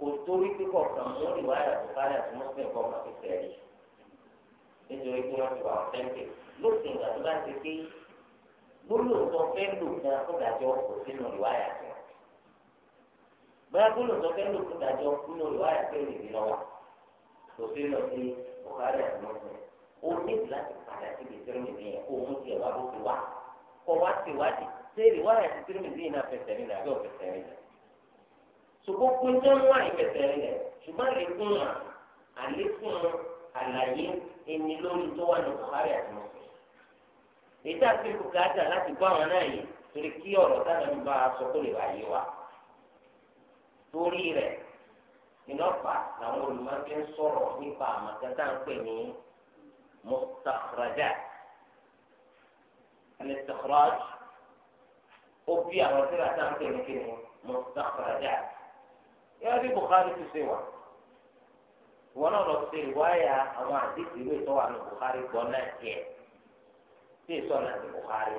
kò torí pé kọ̀ọ̀kan mú ìwádìí àti bùkárì àti mùsùlùmí kọ̀ọ̀kan fi tẹ̀lé nítorí pé wọ́n ti wà ọ̀tẹ́ǹtì lóòótọ́ ìgbà tó bá ti pé gbólóòtọ́ fẹ́ lò fún akọ́dájọ́ kò sínú ìwáyà tó bóyá gbólóòtọ́ fẹ́ lò fún ìdájọ́ sínú ìwáyà tó lè lọ wà kò sínú sí bùkárí àtúnṣe ó ní láti padà sí ibi tẹ́lẹ̀ mi yẹn kó mú tiẹ̀ wá bó ti wá kọ́ wá ti wádìí ṣé ìwáyà ti tẹ́lẹ̀ mi sí iná fẹsẹ̀ nílẹ̀ àbí ọ̀fẹsẹ̀ nílẹ̀ ṣùgbọ́n pé jẹ́ wá ìfẹsẹ̀ nílẹ̀ ṣùgbọ́n ẹni lórí tó wà ní Buhari àti Muslim èyí tá a ti kú káàtà láti gbọ́ àwọn náà yìí torí kí ọ̀rọ̀ táwọn ẹni bá a sọ kó lè wá yé wa torí rẹ̀ ìlọ́pàá làwọn olùmọ̀ọ́kẹ́ ń sọ̀rọ̀ nípa àmọ̀tẹ́tà ń pè ní mustakhrajat al ó bí àwọn tíra tá ń pè ní kíni mustakhrajat bí Bukhari ti ṣe wà. wọn náà lọ sí ìwáyà àwọn àdìsí ìwé tó wà ní Bukhari gbọ́ náà tiẹ̀ ní Bukhari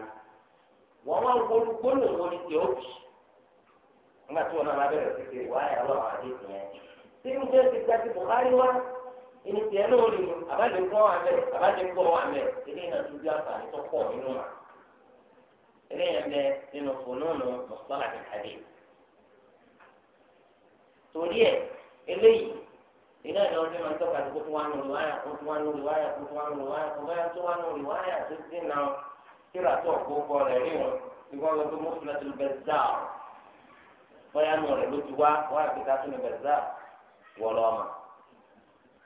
wọn wá gbólógbóló wọn ní tiẹ̀ òbí nígbà tí wọn náà bá bẹ̀rẹ̀ sí ìwáyà àwọn àdìsí yẹn tí mo jẹ́ ti gba ti Bukhari wá ìní tiẹ̀ náà lè mú gbọ́ gbọ́ ilé bí àǹfààní tó pọ̀ nínú wa ilé nínú iná ìdá ọdún máa ń tọ́ka tó tún wá nù lùwáyà tó tún wá nù lùwáyà tó tún wá nù lùwáyà tó báyà tó wá nù lùwáyà tó ti nà ó kíra tó ọ̀pọ̀ kọ rẹ̀ rí wọn ìwọ lọ bí mùsùlùmí tó bẹ zá ọ bóyá nù rẹ̀ ló ti wá wáyà tó ká tó ní bẹ zá wọ lọ mà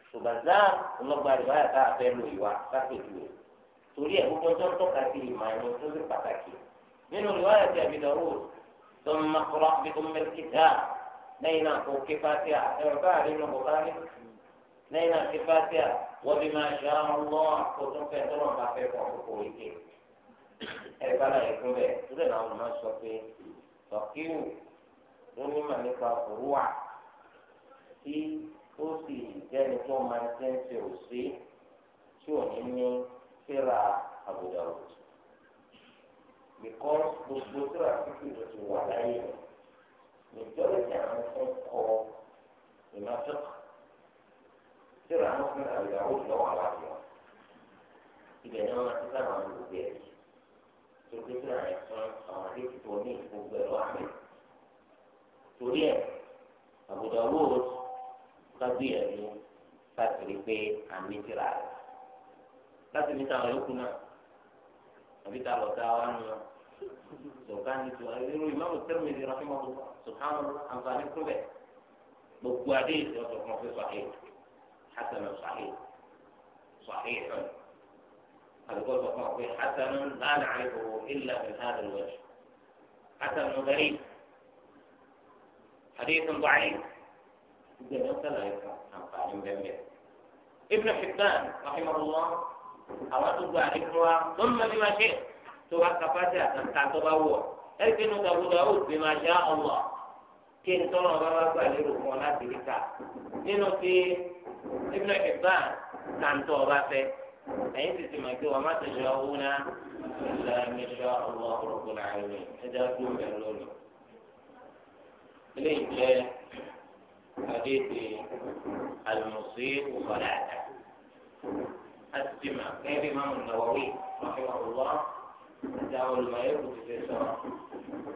ṣùgbọ́n ọlọ́gba lùwáyà tá a fẹ́ lò ìwà kápẹ́tù rẹ̀ torí ẹ̀ gbogbo tó ń tọ́ka sí ìmọ̀ ẹ̀yìn tó ti pàtàkì nínú lùwáyà tí a fi dọ̀rọ̀ na náà na ké fatia ẹ̀rọ káàdé nù bùkárí lẹ́yìn náà ké fatia wọ́n bí máa ṣe àwọn ọmọ àkótó fẹ́ ike ẹ̀rọ bá láyé fún bẹ́ẹ̀ tó lẹ́nu sọ pé sọ̀kíwù ló ní mà nípa tí ó sì jẹ́ni tó majority àwọn tó ń kọ ìmọ̀tòk tí ra wọn fún àgbàwò lọ́wọ́ àwàdì wọn ibẹ̀ ni wọn ti sábà ń lò bẹ́ẹ̀ tó gbé tí ra ẹ̀ fún àwọn àdéhùn tó ní gbogbo ẹ̀rọ àmì torí ẹ̀ àbùdá wọ́ọ̀d kábíyànjú láti rí pé àmì ti ra rẹ̀ láti ní táwọn yòókù náà àbí táwọn ọ̀tá wa سبحان الله الإمام الترمذي رحمه الله سبحان الله عن ظاهر كله بقواديس وتقوم في صحيح حسنا صحيح صحيح القول تقوم في حسنا لا نعرفه إلا من هذا الوجه حسنا غريب حديث ضعيف جدا لا يفهم عن ظاهر ابن حبان رحمه الله أردت أن ثم بما شئت tó bá kapájà kàkà tó bá wọ̀ ẹ̀rí nínú tàbúdà ó gbé máa ṣá ọ̀wọ̀ kí n tọ́nà bá bá gbà lérò fún ọ láti rí ká nínú ti ibùdó ìbá kàǹtọ̀ ọba fẹ́ ẹ̀yìn sì ti mọ̀ pé wọ́n má ti ṣe owó náà ìlà ìmẹ̀ṣọ́ ọ̀wọ̀ ọ̀rọ̀kọ̀ láàrin ẹja tó mẹ́rin lónìí. eléyìí jẹ́ àdéhùn àlùmọ̀sí òkọ̀lá àdá. ti ti mọ̀ kẹ́rin máa ń lọ wí ọ̀hìn ọ̀rọ̀ àti àwọn olùmọ̀yẹ́kù ti ṣe sọ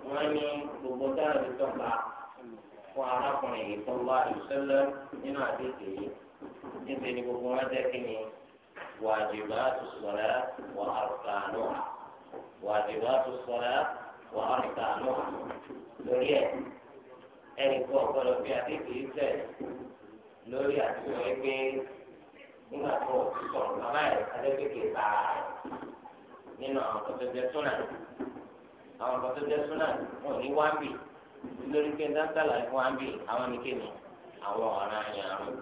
wọ́n ní gbogbo dára ti tọ́ka fún arákùnrin yìí tó wá ìṣẹ̀lẹ̀ nínú àdéhùn yìí níbi ni gbogbo wọn jẹ́ kí ni wajibatu sọ̀rọ̀ wà àrùkàánù wajibatu sọ̀rọ̀ wà àrùkàánù lórí ẹ̀ ẹnì kú ọ̀gbọ́dọ̀ bí àdéhùn yìí tẹ̀ lórí àtúnṣe pé nígbà tó sọ̀rọ̀ bàbá ẹ̀ adébẹ̀kẹ̀ bá nínú àwọn kan tó jẹ súnà àwọn kan tó jẹ súnà wọn ní wáńbì lórí pé dáńtàlà ní wáńbì àwọn nìkéni àwọn ọ̀ràn àyàrùn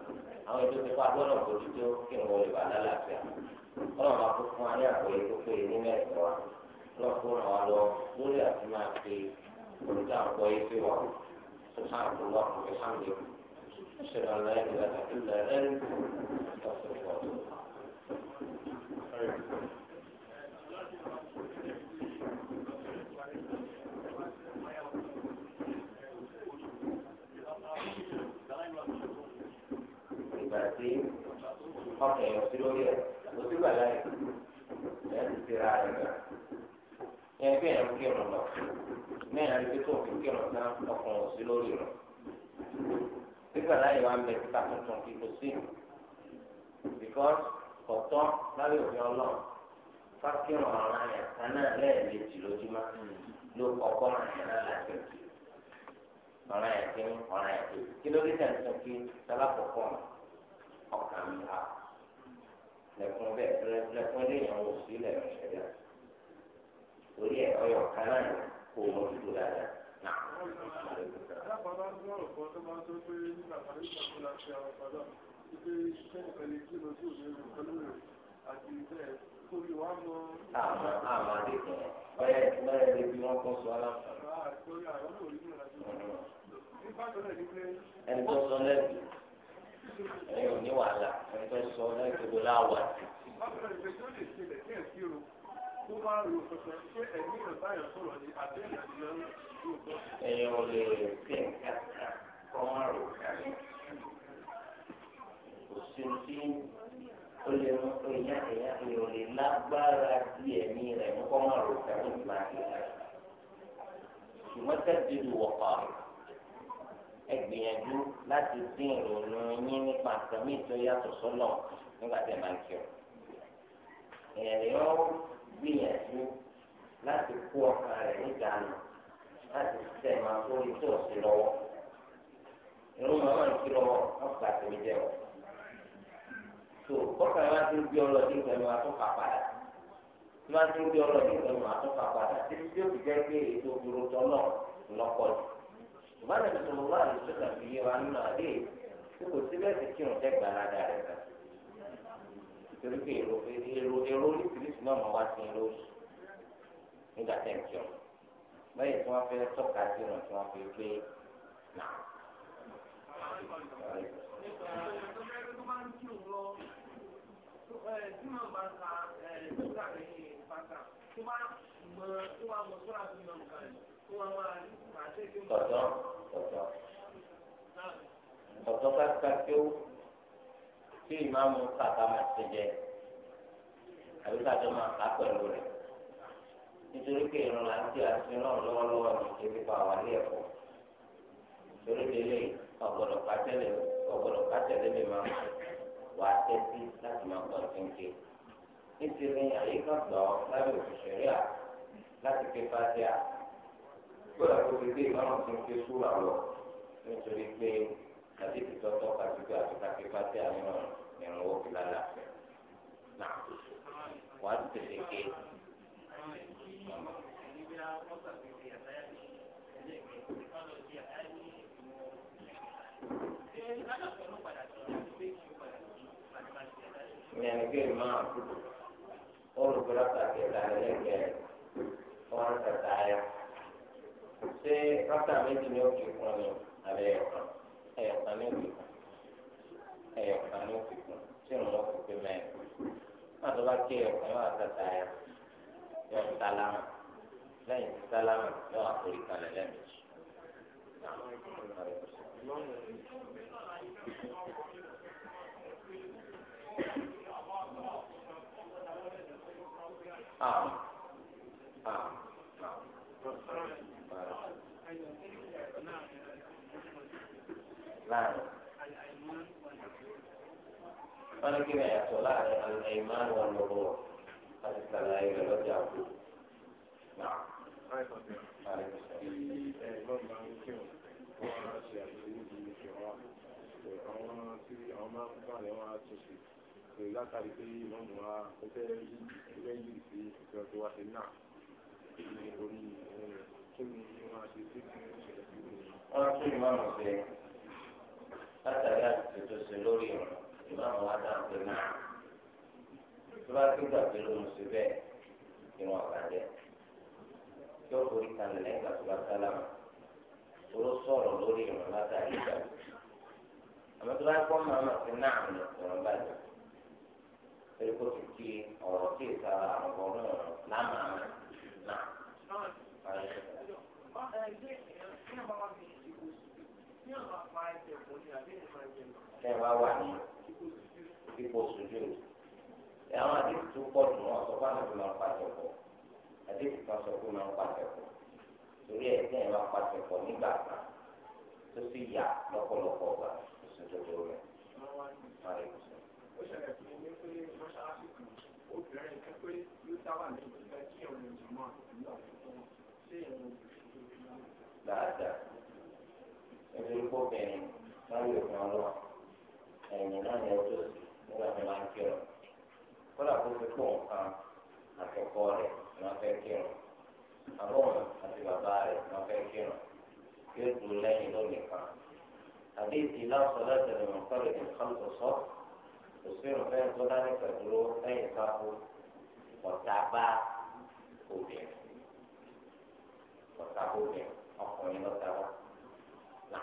àwọn ètò ìfipá gbọ́dọ̀ bójú tó kí n wọlé bàálà láàfíà ọlọ́run máa kó fún wa ní àpòyè tó péye nínú ẹ̀sọ́ wa lọ́ọ̀ fún wa lọ lórí àti máa fi olùdá àpò yìí fi wà سبحانك اللهم وبحمدك أشهد أن لا إله إلا أنت أستغفرك وأتوب إليك ìgbà tí ọkàn èèyàn sí lórí ẹ̀ kò sí gbàlá ẹ̀ ẹ̀ ti ti ra ẹ̀ gbà. ẹ̀ bí ẹ̀ ń kírun lọ mẹ́rin àti tó ń kírun náà ọkàn ò sí lórí rẹ̀. sígbà láyé wa ń bẹ títà tuntun kí kò sí. because kọ̀tọ́ lábẹ́ òfin ọlọ́run fákìrì ọ̀ràn yẹn kan lẹ́ẹ̀mejì lójúmọ́ ló kọ́kọ́ ràn yẹn náà láti ọ̀ràn yẹn kí ọ̀ràn yẹn kí kí ló tẹ̀sán kí sábà kọ̀kọ́ mi hà lẹ́kùn bẹ́ẹ̀ lẹ́kùn léèyàn wò sí lẹ́nu ṣẹ̀dá torí ẹ̀ ọyọ̀ kan náà kò mọ dúdú dáadáa. Alábàárà àmọ́ àmọ́ àdéhùn bẹ́ẹ̀ bẹ́ẹ̀ lè bí wọ́n kọ́ sọ aláǹfààní. ẹni tó sọ lẹ́bi ẹ̀yin ò ní wàhálà ẹni tó sọ lẹ́bi ló láwà. ẹ̀yin ò lè pè kàkà kọ́ márùn-ún kàkà kò sí ti tó lè mú pé ìyá ìyá ìyá ò lè lágbára sí ẹ̀mí rẹ̀ ní kọ́ máa rò sẹ́yìn ìgbà ìgbà. ṣùgbọ́n tẹ̀sí ìlú wọ̀pá ẹ gbìyànjú láti dín ìrònú yín nípa àtàmì tó yàtọ̀ sọ́nà nígbà tẹ̀ máa ń kí ọ. èèyàn gbìyànjú láti kó ọkàn rẹ̀ níjànú láti tẹ̀ máa tó orí tó ọ̀sẹ̀ lọ́wọ́. ìrònú àwọn ìkírọ̀ ọ̀gbà tẹ̀mí jẹ́ ọ̀ tó kọ́kà máa ti gbé ọlọ́dún ìgbẹ́nu àtúnkà padà máa ti gbé ọlọ́dún ìgbẹ́nu àtúnkà padà títí tí ó fi jẹ́ pé ètò ìgboro tọ́lọ̀ lọ́pọ̀ jù ìbára ẹni tó wà ní sọ́kà fi yé wa nínú àdé tí kò sí bẹ́ẹ̀ sì kírun tẹ́ gbàlagà rẹ̀ kan nítorí pé èrò èrò èrò oríṣiríṣi náà máa wá sí ẹ lóṣù nígbà tẹ̀ ń jọ báyìí tí wọ́n fẹ́ tọ́ka sí wọn tí wọ́n fi gbé náà tí màá bá ka ẹ̀ẹ́dẹ́gbẹ̀ta rẹ̀ pátá tó bá mọ tó wà mọ tó rà fún mi nǹkan rẹ̀ tó wà máa rí pàṣẹ tó mọ. tọ̀tọ̀ tọ̀tọ̀ tọ̀tọ̀ káká tí ó tí ìmáàmù kàkà máa ti jẹ àbí kájọ máa kà pẹ̀lú rẹ̀ nítorí pé ìrun là ń tí a ti náà lọ́wọ́lọ́wọ́ ní ibi pa wà ní ẹ̀kọ́ torí délé ọ̀gbọ̀dọ̀ pàtẹ́lẹ̀ ọ̀gbọ̀dọ̀ pàtẹ́lẹ̀ mi máa ń kú wàá tẹ́tí láti máa gbọ́ kéńké nítorí àyíká gbọ́ lábẹ́ òṣìṣẹ́ rí à láti ké fásitì à gbọ́dọ̀ kó ti gbé ìmọ̀ràn tó ń ké súra lọ nítorí pé àti ìtọ́tọ́ kàtúkọ̀ àti kàké fásitì à nínú ìrànwọ́ fi lálàáfẹ́ náà wàá tètè ké. Thank ìyẹn ní kí ìmọ̀ àkókò olùkọ́lá pàṣẹ ìlànà lẹ́gbẹ̀ẹ́ wọn tàtà ayá ṣé rákà méjì ní òkè fún ni àbẹ ẹ̀yọ̀kan ẹ̀yọ̀kan ní òkè fún ẹ̀yọ̀kan ní òkè fún tí ìrùn lọ́kù pé mẹ́rin wọn tó bá ké ẹ̀yọ̀kan yóò tàtà ayá yóò sálámà lẹ́yìn tí sálámà yóò àforí kalẹ̀ lẹ́ẹ̀mejì. àrùn àrùn láàrin wọn ní kí ni àyàtọ̀ láàrin ẹ̀yìnmáàrún wọn lọ́wọ́ láti sàlàyé rẹ̀ lọ́jà òkú. Àwọn tí àwọn máa ń bá lẹ́wọ̀n á tó pé látàrí pé ìmọ̀mù wa ó fẹ́ yí ẹgbẹ́ yìí sí ìjọ tó wá sí náà ní orí kí ni wọ́n ṣe sí kí wọ́n ṣe sí ní. wọ́n tún ìmọ̀mù pé látàrí àtúntò tó ṣe lórí ìmọ̀mù wa dáhùn pé náà tó bá tó gbàgbé lóhùn sí bẹ́ẹ̀ ìwọ̀n àbájẹ́ tí ó forí kalẹ̀ lẹ́yìn ìgbà tó bá sálámù toro sọ̀rọ̀ lórí ìrànlọ́tà ìgbà àmọ́ tó bá kọ́ màmá sí náà ní ìrànlọ́tà torí kó ti di ọ̀rọ̀ tí ìta àwọn ọ̀rọ̀ lánàá náà. Ṣé wàá wà ní ipò sùjú? Ṣé àwọn àdéhùn tó pọ̀ jù wọ́n sọ fún àwọn ọ̀pá àtẹ̀kọ́? Àdéhùn kan sọ fún àwọn ọ̀pá àtẹ̀kọ́. Torí ẹ̀ ní ẹ̀rọ ọ̀pá àtẹ̀kọ́ nígbà kan tó sì yà lọ́pọ̀lọpọ̀ ọ̀gbà ìṣèjọba rẹ̀ ó ṣẹlẹ̀ fún mi pé mọ́ṣáláṣí kan obìnrin kan pé yóò sábà ní ìgbésẹ̀ kí ọ̀nà ìjùmọ̀ nígbà tó ṣe ìrìn òjò. dáadáa ẹgbẹ́ pọ̀ bẹ̀rẹ̀ láyé òfin ọlọ́wà ẹ̀yìn náà ni ọjọ́ sí nígbà tó máa ń kírun kọ́lá kó fi pọ̀ nǹkan àkọ́kọ́ rẹ̀ máa fẹ́ kírun àbọ̀n àti bàbá rẹ̀ máa fẹ́ kírun kí ó dùn lẹ́yìn lónìí kan àbí ìdílé ọ̀sán láti rìn mọ́kànlélẹ́gbẹ̀ẹ́ kò sí tó bá ní pẹ̀lú lẹ́yìn sáfù ọ̀tá bá obìnrin ọ̀tá obìnrin ọkùnrin lọ́tà bá nà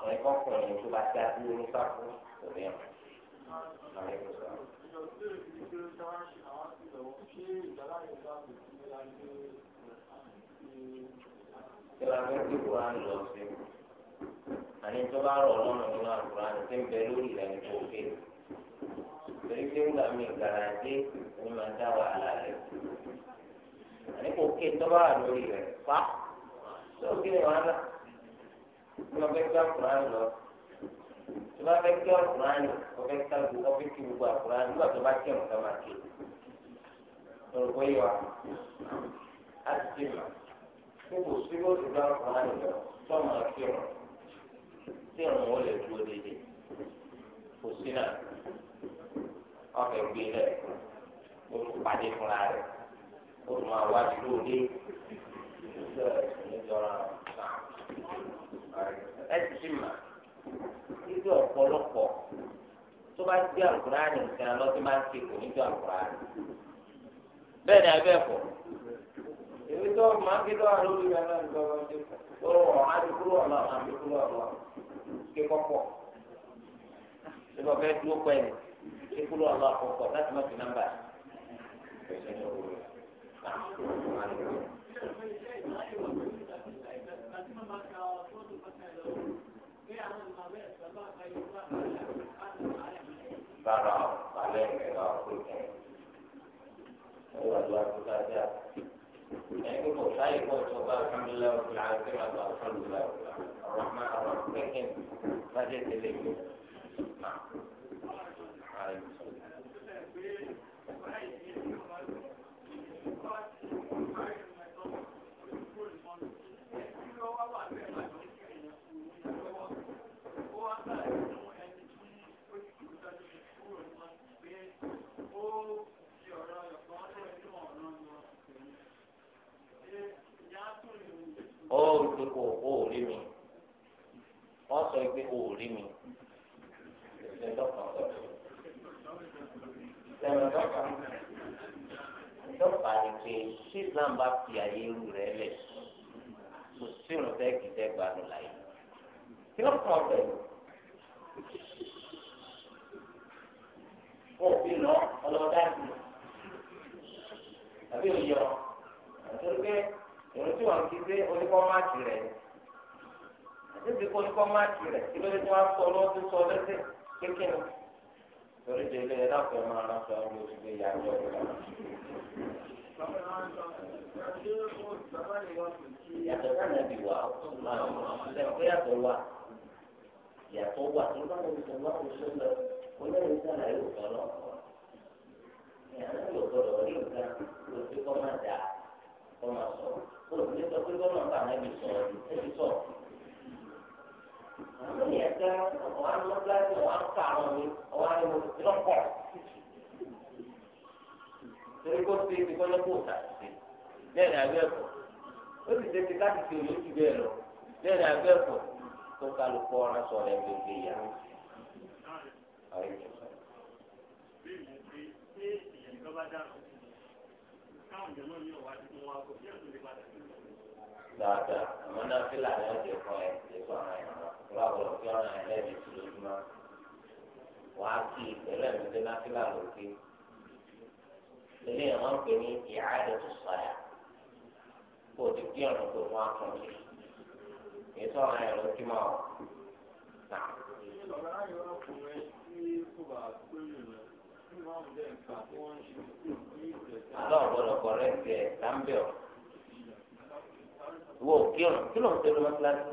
ọ̀rẹ́ kọ́kùnrin tó bá dá dúró ní sáfù obìnrin ọ̀rẹ́ kò sọ. Ìlànà lọ sí. Àní tó bá rọ̀ lọ́nà nínú àgùrá tí ń bẹ lórí ìlànà ìdìbò torí pé ńgbà mi ìgbàlá dé ni màá dá wàhálà rẹ̀ àní kò ké tó bá wà lórí rẹ̀ fa tó kí ni wàhálà tí wọ́n fẹ́ gbá kùránì lọ tí wọ́n fẹ́ gbá kùránì wọ́n fẹ́ ká gbogbo wọ́n fẹ́ kí gbogbo àkùránì nígbà tó bá kí ọ̀gá máa ké lọ́rọ̀ wa ti kí kò sí lọ wọn kò sí náà ọ̀fẹ́ gbé lẹ̀ ó tún pàdé fúnra rẹ̀ ó tún máa wá dúró dé ẹ ti sì mà nígbà ọ̀pọ̀lọpọ̀ tó bá gbé àkùránì nǹkan lọ́sí máa ń ṣe kò níjọ àkùránì bẹ́ẹ̀ ni abẹ́ ẹ̀kọ́ èmi tó máa ń kíkọ́ àlórí rẹ̀ náà ń lọ́wọ́ ṣe á ti kúrò ọ̀la àti kúrò ọ̀la kíkọ́ pọ̀ ṣé bá fẹ́ dúró pẹ́ ni ṣé kúrò àwọn àkọ́kọ́ láti má fi nọ́mbà Rárá balẹ̀ ẹ̀ka ọ̀pọ̀lọpọ̀ ẹ̀wà ló wá tó dáadáa. Ẹni kò sáyé kọ́ ìjọba alhamdulilá ọ̀gbìn àti ìrànlọ́wọ́ Ọ̀rọ̀ máa rọ̀ pẹ́kẹ́ bá jẹ́ tẹ́lẹ̀ yìí ó rí mi wọ́n sọ pé ó rí mi lẹ́tọ̀kọ̀ sọ̀rọ̀ lẹ́tọ̀kọ̀ lẹ́tọ̀kọ̀ ni pé tí islam bá fi àyè irú rẹ̀ lẹ̀ kò sí irun fẹ́ kì í fẹ́ gbanu láyé kí ló kàn bẹ̀ òfin lọ ọlọ́dà sí àbí òye ọ àti pé ìrún tí wọn kí dé oníkọ́ máàkì rẹ̀ àti pé oníkọ́ máàkì rẹ̀ kí tí wọ́n sọ lọ́dún sọ lẹ́sẹ̀ kékeré torí de ilé ẹ̀dá ọ̀fẹ́ máa rán sọ ọ́ tó yà á jọ ìlà. yàtọ̀ sáyẹn bí wà máa lẹ́kọ̀ọ́ yàtọ̀ wà yàtọ̀ wà tó bá lè sọ wà oṣù lọ olóyè sára yóò sọ lọ. ìyàrá yóò gbọdọ̀ rí nǹkan lóṣù kọ́ máa dà kọ́ máa sọ. olùdíje sọ pé gbọ́dọ̀ bá àná ibi sọ̀rọ̀ ibi sọ̀rọ̀ àwọn ènìyàn ẹ̀ka ọ̀wá ní mọ́tíláṣí ọ̀wá ń ká àwọn mi ọ̀wá ní mo ti lọ́pọ̀. torí kó fi ibi kọ́lẹ́ kó tà sí bẹ́ẹ̀ ni abẹ́ ẹ̀kọ́ ó sì ṣe ti káàkiri ti òye ìwà àbọ̀lọ̀ kí ọ̀ràn ẹ̀ lẹ́ẹ̀mí tó lójúmọ́ wàá kí pẹ̀lú ẹ̀mí tó náà fi láàrú pé eléyìí wọ́n pè ní ìhádẹ́ tó sọ̀yà kó o ti kí ọ̀ràn tó wọ́n á tún yìí kì í sọ̀ràn ẹ̀ lójúmọ́ ọ̀ náà. ọ̀rọ̀ ayọ̀ ọkùnrin tí kò bá péye lọ àlọ́ kí ọ̀ràn kí ló ń tẹ́lẹ̀ mọ́ kíláàsì.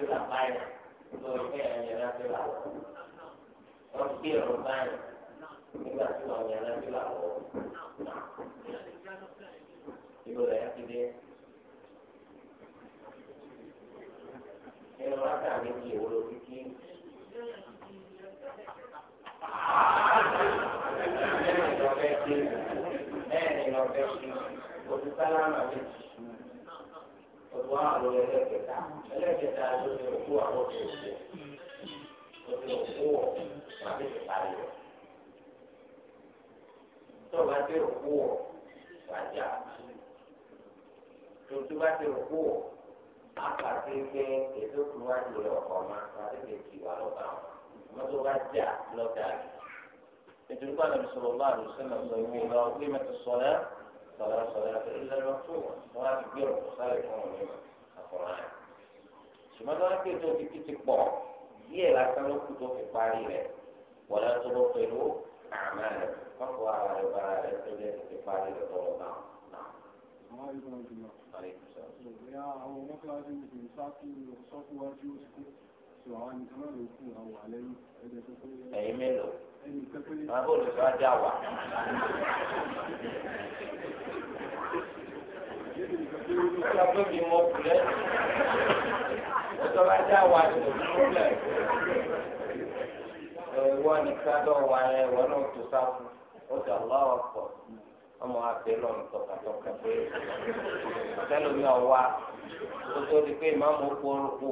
sílà báyìí lórí bẹ́ẹ̀ yẹn náà sílà. Wọ́n ti kí ìrùn báyìí. jà lọ́dà rẹ̀. nítorí pé àdàbí sọ̀rọ̀ bá àdùn sẹ́nà sọ ìwé lọ pé mẹ́tò sọ̀rọ̀ sọ̀rọ̀ sọ̀rọ̀ àti ìlànà tó wọ́n á ti gbé ọ̀rọ̀ sáré fún ọ̀rọ̀ yẹn àkọ́rọ̀ rẹ̀. ṣùgbọ́n tó wá pé tó ti ti pọ̀ díẹ̀ lásán ló kù tó fi parí rẹ̀ wọ́n á tó lọ pẹ̀lú àmà rẹ̀ kọ́kọ́ ara rẹ̀ bá rẹ̀ tó lẹ́ ti parí rẹ̀ tọ́lọ̀ náà. Àwọn ọmọ kíláàsì ń sọ́kùn wájú òsìkò ẹ̀yin mélòó máa bó olùsọ ajá wà. ọ̀sán tó fi mọ kùlẹ̀ ọ̀sán ajá wà ní òkúlẹ̀ ẹ̀wọ́ nìkan lọ wà ẹ̀wọ́ náà tó sáfù ó dà lọ́wọ́ pọ̀ ọmọ abẹ lọrùn tọkàtọkà pé ọtẹlómi ọwa tó tó di pé ìmáàmù ó kó orúkọ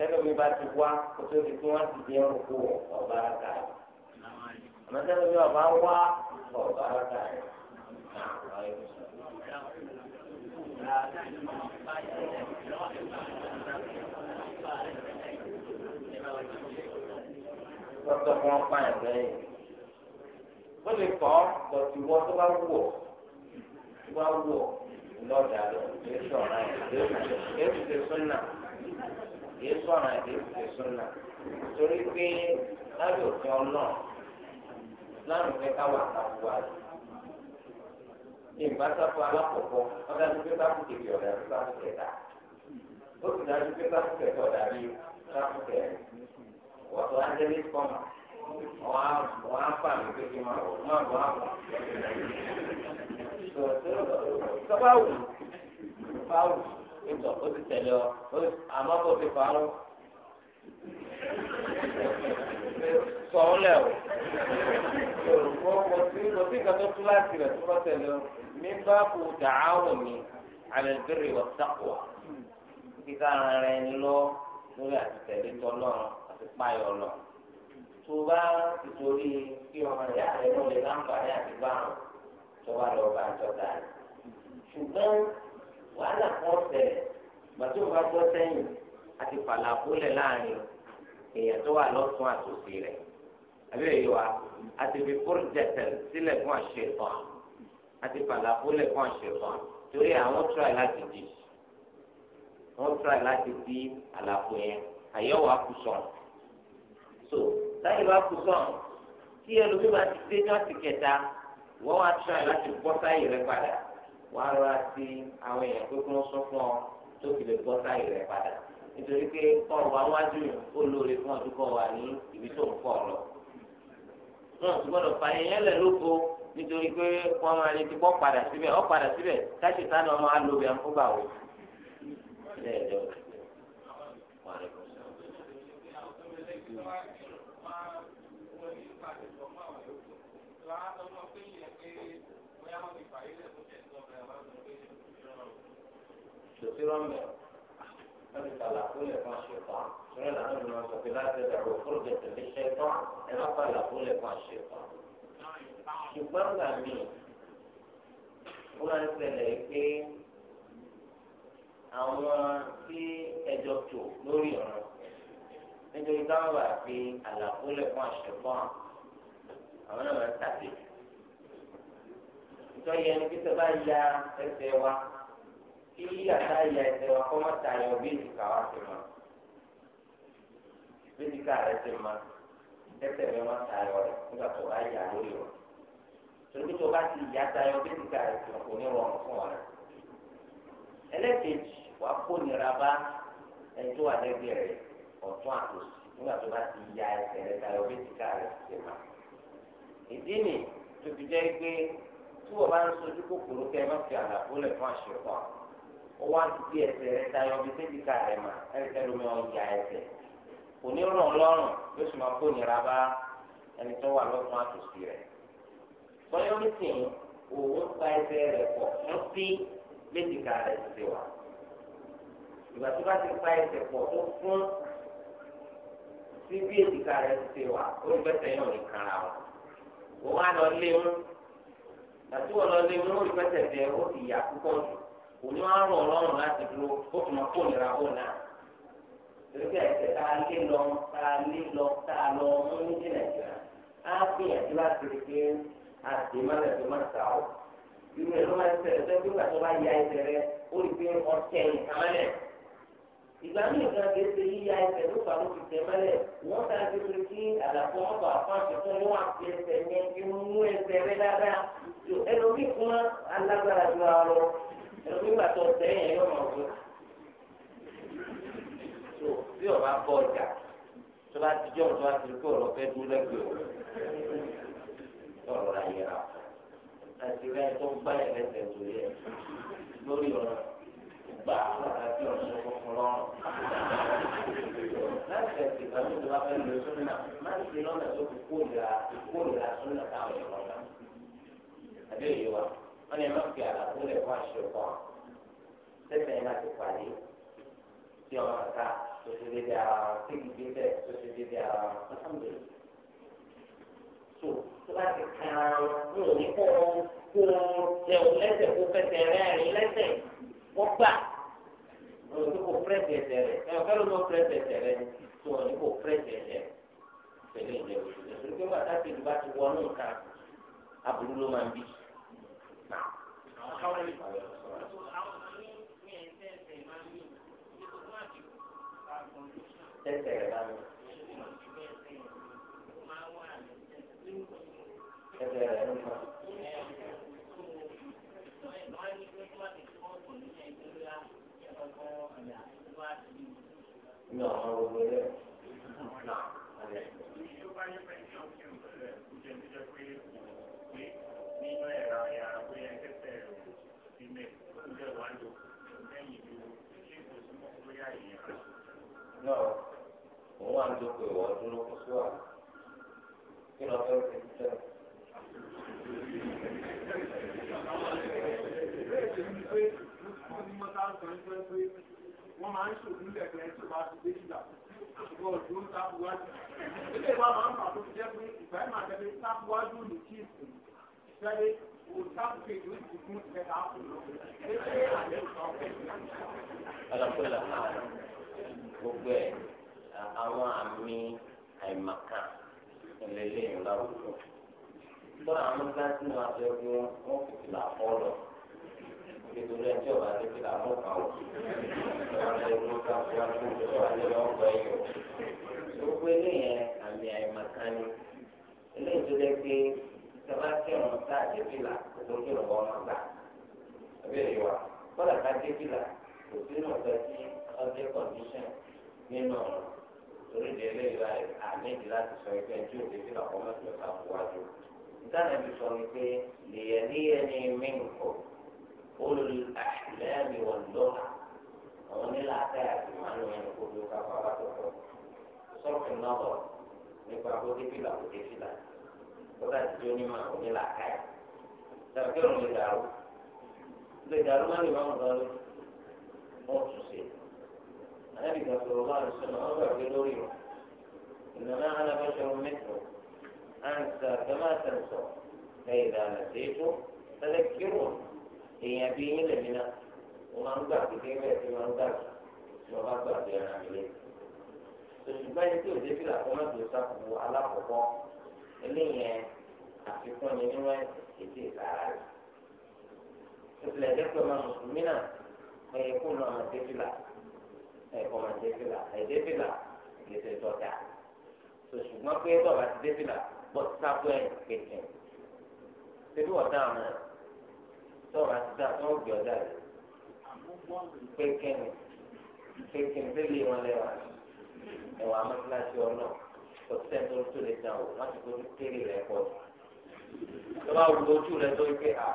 sẹ́nu mi bá ti wá kótó ti kí wọ́n ti di ẹrù kú ọ̀bá ara rẹ̀. àmọ́ sẹ́nu mi ọ̀bá wá ọ̀bá ara rẹ̀. Lọ́tọ̀ fún ọ́pá ẹ̀fẹ́ yìí. Ó lè kọ́ lọ́tìwọ́ tó bá wù ọ́. Tó bá wù ọ́ lọ́dà rẹ̀. Èso ọ̀rá ẹ̀ lè ṣe sọ́nà. kìí sọ̀rọ̀ àti ìṣẹ̀ torí pé lábẹ́ òfin ọlọ́ láàrin fẹ́ ká wà káfíwá rẹ̀. ìgbà sáfù alákọ̀ọ́kọ́ ọ̀dà tó fẹ́ sáfù kejì ọ̀dà tó sáfù kẹta ó sì kẹta ọ̀dà wọ́tò kọ́mà wọ́n á fà mí pé kí n máa wọ̀ máa bọ̀ pétọ̀ ó ti tẹ̀lé ọ àmọ́ kò ti parọ́ sọ ọ lẹ o yorùbá kò sí kò sí ìkàtọ́ kíláàsì rẹ̀ tó bá tẹ̀lé ọ mi bá kú dàáwò mi alẹ́ bèrè wà sáwà kíkà ara rẹ̀ ni lọ lórí àtìtẹ̀lé tọ́lọ́ àti páyọ̀ lọ tó bá ìtòrí kí ọmọ rẹ̀ àrẹ lọ́lẹ̀ láǹfààní àti báwọn tó bá lọ bá jọ dáa ṣùgbọ́n wàhálà kan ṣẹlẹ̀ gbàtí òun bá gbọ́ sẹ́yìn àti fàlàfólẹ̀ láàrin èèyàn tó wà lọ́sùn àtòsí rẹ̀ àbẹ́rẹ́ yìí wa àti fi pọ́rọ̀jẹ̀tẹ̀ sílẹ̀ fún àṣetàn àti fàlàfólẹ̀ fún àṣetàn torí àwọn tíráì láti dì wọ́n tíráì láti di àlàfo yẹn àyẹ̀wò àkùsọ̀n so táyì bá kùsọ̀n tí ẹlòmíì bá ti dé ní ọ̀sẹ̀ kẹta wọ́n wá tíráì láti gbọ́ sáyè rẹ̀ padà wọ́n á rọra sí àwọn èèyàn pé kí wọ́n sún fún ọ tó fi lè bọ́ sáyé rẹ̀ padà nítorí pé kọ́ọ̀rù wa wájú yìí ó lóore fún ọdún kan wà ní ibi tó ń kọ́ lọ. wọn ò sì gbọ́dọ̀ fa ẹyẹ lẹ̀ lóko nítorí pé wọ́n máa ní ti bọ́ padà síbẹ̀ ọ́ padà síbẹ̀ táṣì sáni ọmọ alóbi àǹfọ̀gbà wò. Thank you. sòsìrò mẹ láti kàlà kó lè fún aṣèkọ́ sọ̀rọ̀ làwọn ènìyàn sọ pé láti dàrú fún ìgbésẹ̀ lè ṣe tán ẹ má kàlà kó lè fún aṣèkọ́. ṣùgbọ́n gbà mí ó máa ń ṣẹlẹ̀ pé àwọn tí ẹjọ́ tó lórí ọ̀rọ̀ nítorí táwọn wà pé àlàfo lè fún aṣèkọ́ àwọn náà máa ń tàbí. ìtọ́jú ẹni bá ya ẹsẹ̀ wa kí yíyà táyà ẹsẹ̀ wa kọ́ má tayọ bí ìdìkà wa ti mọ̀ bí ìdìkà rẹ ti mọ̀ ẹsẹ̀ rẹ má tayọ rẹ nígbà tó bá yà lórí rẹ torí tó bá ti yà tayọ bí ìdìkà rẹ ti mọ̀ kò ní rọrùn fún ọ rẹ ẹlẹ́kejì wàá kó nira bá ẹni tó wà ọ̀tún àtòsí nígbà tó bá ti ya ẹsẹ̀ rẹ tayọ bí ìdìkà rẹ ti mọ̀ ìdí nì tó fi jẹ́ pé tí wọ́n bá ń sojú kòkòrò kẹ́ ẹ má fi àlàfo lẹ̀ fún àṣepọ̀ àwọn wá sí ẹsẹ̀ rẹ tayọ bí sẹ́díkà rẹ mà ẹsẹ̀ lómi ọjà ẹsẹ̀ kò ní ràn lọ́rùn ló sì máa kó nira bá ẹni tó wà lọ́sùn àtòsí rẹ̀ bọ́yọ́ nísìnyí òun gba ẹsẹ̀ rẹ̀ pọ̀ fún sí léjìká rẹ̀ ti wà ìgbà tó bá ti gba ẹsẹ̀ pọ̀ tó fún sí bí èjìká rẹ̀ ti wà ó ń bẹ́sẹ̀ yàn ní kara o òun á lọ lé wọn àti wọn lọ lé wọn ó rí bẹ́sẹ̀ òní wọn rọ ọlọ́run láti dúró ó fi mọ fóònù ra fóònù náà torí pé ẹsẹ̀ tá a lé lọ tá a lé lọ tá a lọ mú ní ti nàìjíríà á gbìyànjú láti rí pé àdèmọ́lẹ̀ tó máa ta ọ́ irú ẹ̀ ló máa ń ṣẹlẹ̀ tó ń gbé pàtó bá ya ẹsẹ̀ rẹ ó rí pé ọ̀tẹ̀ ìkàmọ́lẹ̀ ìgbà míì kan kì í ṣe yíya ẹsẹ̀ ló fà ló fi tẹ̀ mọ́lẹ̀ wọ́n ta ti fi kí àlàfo wọn bá fáṣọ fún wọn àti ẹsẹ̀ yẹn fi mú ẹsẹ̀ rẹ dáadáa ẹlòmíì alágbára ju ara ẹnu nígbà tó tẹ yẹn yóò máa wọ tó bí o bá bọ ọjà tó bá ti jọ tó bá ti kó ọ̀rọ̀ fẹ́ dúró lẹ́gbẹ̀ẹ́ o ọ̀rọ̀ àyẹ̀rà àti rẹ tó ń gbá yẹn lẹ́sẹ̀ tó yẹ lórí ọ̀rọ̀ gbà àti ọ̀sẹ̀ fúnfun lọ́rùn. láti ẹ̀sìn kan tó bá fẹ́ lo súnà máa ń ṣe lọ́nà tó fi kórìíra kórìíra súnà táwọn ìrọ̀lá. àbí òye wa. wọ́n ní ẹ̀ma fi àlàfo lẹ̀ fún aṣọ kan tẹ́tẹ̀ ẹ̀ láti pàdé tí ọmọ ká tó ṣe dédé ara wọn tí kìí dé bẹ́ẹ̀ tó ṣe dédé ara wọn tó sàn bẹ̀rẹ̀. tó tó bá ti kan ara wọn ní òní kó wọn kó wọn jẹun lẹ́sẹ̀ kó fẹsẹ̀ rẹ́rìn lẹ́sẹ̀ wọ́n gbà wọn ní kó fẹ́ẹ̀sì ẹsẹ̀ rẹ̀ ẹ̀ ọ̀fẹ́ ló lọ fẹ́ẹ̀sì ẹsẹ̀ rẹ̀ tó wọn ní kó fẹ́ẹ̀sì ẹsẹ̀ pẹ̀lú ìjẹun tẹ́tẹ̀ rẹ̀ bá mi. tẹ́tẹ̀ rẹ̀ ló mọ̀. No, I don't know. wà ń dókòó ìwọ dúró kò sí wà kí lọ fẹ́ fi jẹ́ pé Ala kwe la ha, kwe àwọn àmì àìmọ̀kan ìlẹ̀lẹ̀ ńlá òkú. Bọ́lá àwọn gíláàsì máa jẹ́ bí wọ́n fi fìlà fọ́ lọ. Nítorí ẹjọ́ bá ti fìlà mọ́ kan wọ̀. Ìjọba ẹgbẹ́ ká fi wá sí ìjọba ẹgbẹ́ ọkọ̀ ẹ̀yọ̀. Gbogbo eléyẹn àmì àìmọ̀kan ni. Eléyìí tó jẹ́ pé ìjọba kẹrùn táà jẹ́ fìlà kò tó kí lọ́wọ́ máa gbà. Abẹ́rẹ́ wa, bọ́lá ká jẹ́ fìlà kò sí ọ̀fẹ́ sí ọjọ́ kọ̀ndíṣàn nínú ọ̀rọ̀ torí di eléyìí báyìí àmì láti sọ ẹgbẹ́ tí o tètè lọ́kọ́ mẹ́tò ká fún wájú. ìtànà ti sọ ni pé lèyẹníyẹni mímkọ olùlù àlẹ́mi wọn lọ́la àwọn nílà àtẹ àti màánù ẹni kó tó ká fún abátọ̀tọ̀. sọ́ọ̀kì náà bọ̀ nípa kó dé fìlà kó dé fìlà kó dà tí ó ní mà ó nílà òun lè dàrú lè dàrú má النبي صلى الله عليه وسلم أمر بنوريه إنما أنا بشر مثله أنسى كما تنسى فإذا نسيت فذكرون هي به لمنا ومن بعد كيف من بعد ومن بعد أنا عليه ṣùgbọ́n ẹni tí òde fìlà kọ́ mọ́tò sáfù alákọ̀ọ́kọ́ eléyẹn àfikún ni nínú ètè ìsàrà rẹ̀. ó tilẹ̀ jẹ́ pé ọmọ mùsùlùmí náà ẹ̀yẹ kó lọ́ọ́ àmọ̀ tẹ́fìlà ẹ̀kọ́ máa dé fìlà ẹ̀dé fìlà ìgbésẹ̀ tọ́ta ṣùgbọ́n pé bàbá ti dé fìlà bọ́ sábú ẹ̀ kékeré ṣébí wọ́n dáhùn náà tọ́wọ́ àti dáhùn tó ń gbé ọ̀dà rẹ̀ kékeré kékeré tẹ́lẹ̀ wọn lẹ́wà ẹ̀wà amọ́síláṣí ọ̀nà kò sẹ́ńtò tó lè dàn ó wọ́n ti gbójú kéré rẹ̀ pọ̀ jù tọ́ba wù lójú rẹ̀ tó ń gbé à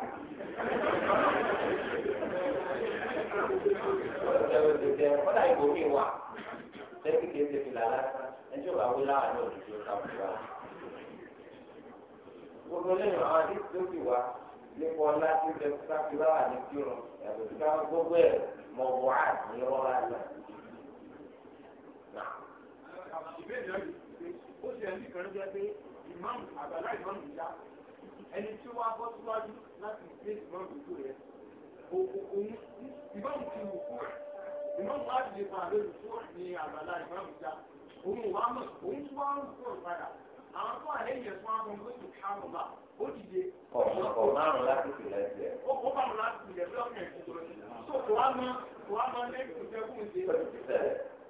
ìjọba ti jẹ kọ́dà ìbò mi wà lẹ́yìn kí n ṣe fìlà lásán ẹjọ́ bá wí láwọn ní òdìjú ọ̀tá òkú wa. gbogbo lẹ́yìn àwọn àdìsí tó ti wá nípa ọlá tí ń bẹ sáfi láwà ní kírun yàtọ̀ sí káwọn gbogbo ẹ̀ mọ̀ wọ́ àti ọwọ́ lásán. ìbéèrè rẹ̀ ó ṣe ẹni kan jẹ́ pé ìmáàmù àgbàlá ìmáàmù ìyá ẹni tí wọ́n á bọ́ síwájú láti gbé ìmáàmù ìdúró rẹ̀ òun ìmáàmù ti wò fún ẹ̀ ìmáàmù wá dìde fún àlọ́ ní àgbàlá ìmáàmù já òun wà mọ̀ òun tún wá ń fún ọ̀ padà àwọn tó àlẹ́ yẹn fún àwọn ọmọ tó ká mọ̀ bá ó dìde. ọ̀ márùn láti fi lẹ́sẹ̀. ó márùn láti fi lẹ́sẹ̀ lọ́kàn ẹ̀ tuntun rẹ̀ tó kò wá mọ kò wá mọ lẹ́yìn tó fẹ́ fún un ṣe.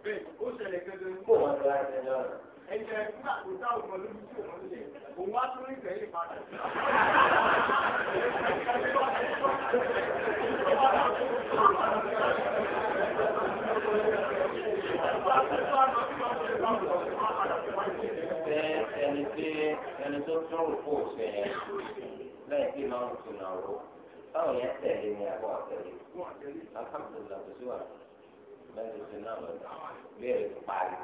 bẹ́ẹ̀ ó ṣẹlẹ̀ gẹ́gẹ́ kó wọn tó láti ẹjọ́ rẹ̀. ẹ̀jẹ̀ nígbà tó dá òun lójú tí òun lè òun wá tó ní ìfẹ́ yìí padà. ẹni tó tún rò kó òfin yẹn lẹ́yìn tí máa ń tún náà rò báwọn yẹn tẹ̀lé ni àbọ̀ àtẹ̀lé alhamdulilah kò sí wà lẹ́yìn tí náà lọ́dọ̀ bí ẹ̀rẹ̀ parí.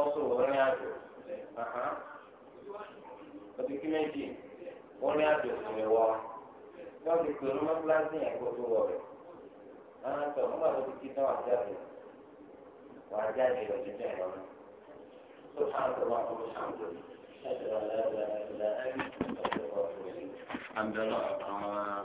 kọ́sọ̀ orin àjò òbí kí méjì orin àjò kò lè wọ yóò fi pè ní mọ́tíláṣí yẹn kó tó wọ̀ rẹ̀ àwọn àtọ̀ nígbà tó ti kí tán wà jáde wà jáde rẹ̀ jíjẹ́ ìrọ̀lẹ́ tó sáńtò wà tó sáńtò ẹ̀sẹ̀ wà lẹ́yìn lẹ́yìn lẹ́yìn.